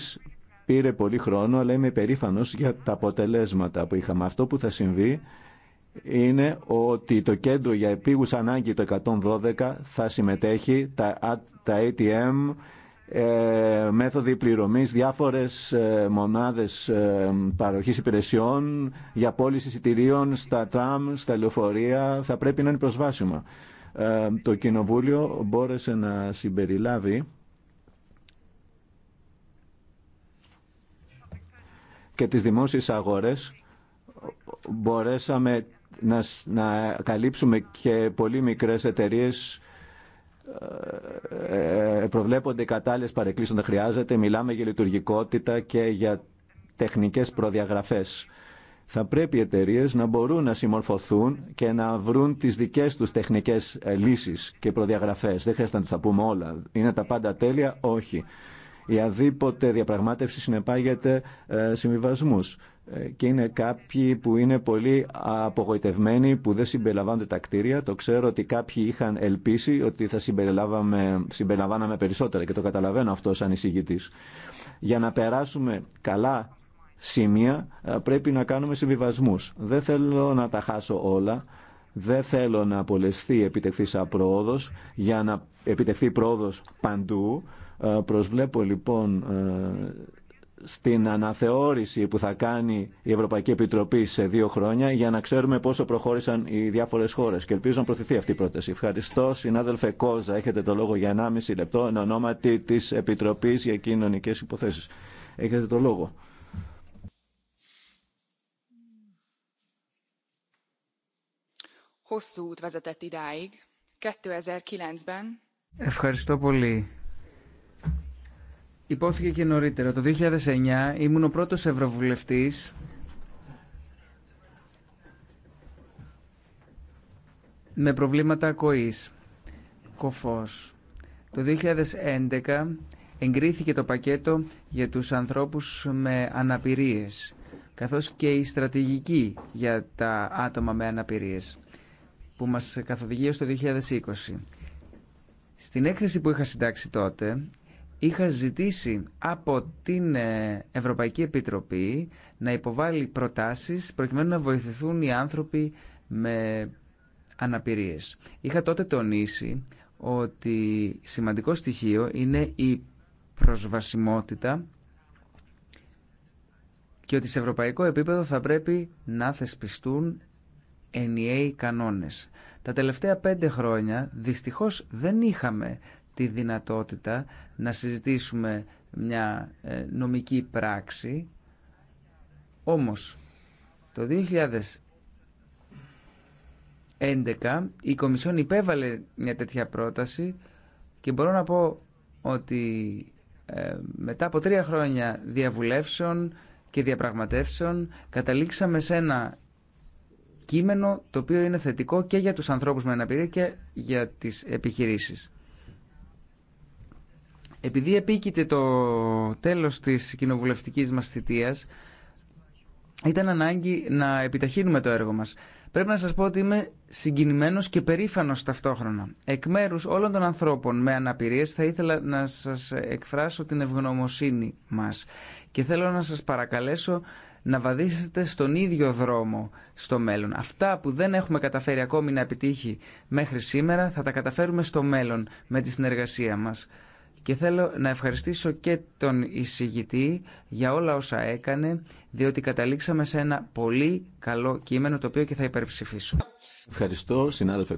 S1: πήρε πολύ χρόνο, αλλά είμαι υπερήφανο για τα αποτελέσματα που είχαμε. Αυτό που θα συμβεί είναι ότι το κέντρο για επίγους ανάγκη το 112 θα συμμετέχει τα, τα ATM, ε, μέθοδοι πληρωμής, διάφορες ε, μονάδες ε, παροχής υπηρεσιών για πώληση εισιτηρίων στα τραμ, στα λεωφορεία θα πρέπει να είναι προσβάσιμα. Ε, το Κοινοβούλιο μπόρεσε να συμπεριλάβει και τις δημόσιες αγορές μπορέσαμε να, καλύψουμε και πολύ μικρές εταιρείες ε, ε, προβλέπονται κατάλληλες παρεκκλήσεις όταν χρειάζεται. Μιλάμε για λειτουργικότητα και για τεχνικές προδιαγραφές. Θα πρέπει οι εταιρείε να μπορούν να συμμορφωθούν και να βρουν τις δικές τους τεχνικές ε, λύσεις και προδιαγραφές. Δεν χρειάζεται να τα πούμε όλα. Είναι τα πάντα τέλεια. Όχι. Η αδίποτε διαπραγμάτευση συνεπάγεται συμβιβασμούς. Ε, και είναι κάποιοι που είναι πολύ απογοητευμένοι που δεν συμπεριλαμβάνονται τα κτίρια. Το ξέρω ότι κάποιοι είχαν ελπίσει ότι θα συμπεριλαμβάναμε περισσότερα και το καταλαβαίνω αυτό σαν εισηγητή. Για να περάσουμε καλά σημεία ε, πρέπει να κάνουμε συμβιβασμούς. Δεν θέλω να τα χάσω όλα. Δεν θέλω να απολεστεί επιτευχθεί σαν πρόοδος για να επιτευχθεί πρόοδος παντού. Ε, προσβλέπω λοιπόν στην αναθεώρηση που θα κάνει η Ευρωπαϊκή Επιτροπή σε δύο χρόνια για να ξέρουμε πόσο προχώρησαν οι διάφορε χώρε. Και ελπίζω να προθεθεί αυτή η πρόταση. Ευχαριστώ, συνάδελφε Κόζα. Έχετε το λόγο για 1,5 λεπτό εν ονόματι τη Επιτροπή για Κοινωνικέ Υποθέσει. Έχετε το λόγο.
S3: Ευχαριστώ πολύ υπόθηκε και νωρίτερα. Το 2009 ήμουν ο πρώτος ευρωβουλευτής με προβλήματα ακοής, κοφός. Το 2011 εγκρίθηκε το πακέτο για τους ανθρώπους με αναπηρίες, καθώς και η στρατηγική για τα άτομα με αναπηρίες, που μας καθοδηγεί στο 2020. Στην έκθεση που είχα συντάξει τότε, είχα ζητήσει από την ε, Ευρωπαϊκή Επιτροπή να υποβάλει προτάσεις προκειμένου να βοηθηθούν οι άνθρωποι με αναπηρίες. Είχα τότε τονίσει ότι σημαντικό στοιχείο είναι η προσβασιμότητα και ότι σε ευρωπαϊκό επίπεδο θα πρέπει να θεσπιστούν ενιαίοι κανόνες. Τα τελευταία πέντε χρόνια δυστυχώς δεν είχαμε τη δυνατότητα να συζητήσουμε μια ε, νομική πράξη. Όμως, το 2011 η Κομισιόν υπέβαλε μια τέτοια πρόταση και μπορώ να πω ότι ε, μετά από τρία χρόνια διαβουλεύσεων και διαπραγματεύσεων καταλήξαμε σε ένα κείμενο το οποίο είναι θετικό και για τους ανθρώπους με αναπηρία και για τις επιχειρήσεις. Επειδή επίκειται το τέλος της κοινοβουλευτικής μας θητείας, ήταν ανάγκη να επιταχύνουμε το έργο μας. Πρέπει να σας πω ότι είμαι συγκινημένος και περήφανος ταυτόχρονα. Εκ μέρους όλων των ανθρώπων με αναπηρίες θα ήθελα να σας εκφράσω την ευγνωμοσύνη μας και θέλω να σας παρακαλέσω να βαδίσετε στον ίδιο δρόμο στο μέλλον. Αυτά που δεν έχουμε καταφέρει ακόμη να επιτύχει μέχρι σήμερα θα τα καταφέρουμε στο μέλλον με τη συνεργασία μας. Και θέλω να ευχαριστήσω και τον εισηγητή για όλα όσα έκανε, διότι καταλήξαμε σε ένα πολύ καλό κείμενο, το οποίο και θα υπερψηφίσω. Ευχαριστώ, συνάδελφε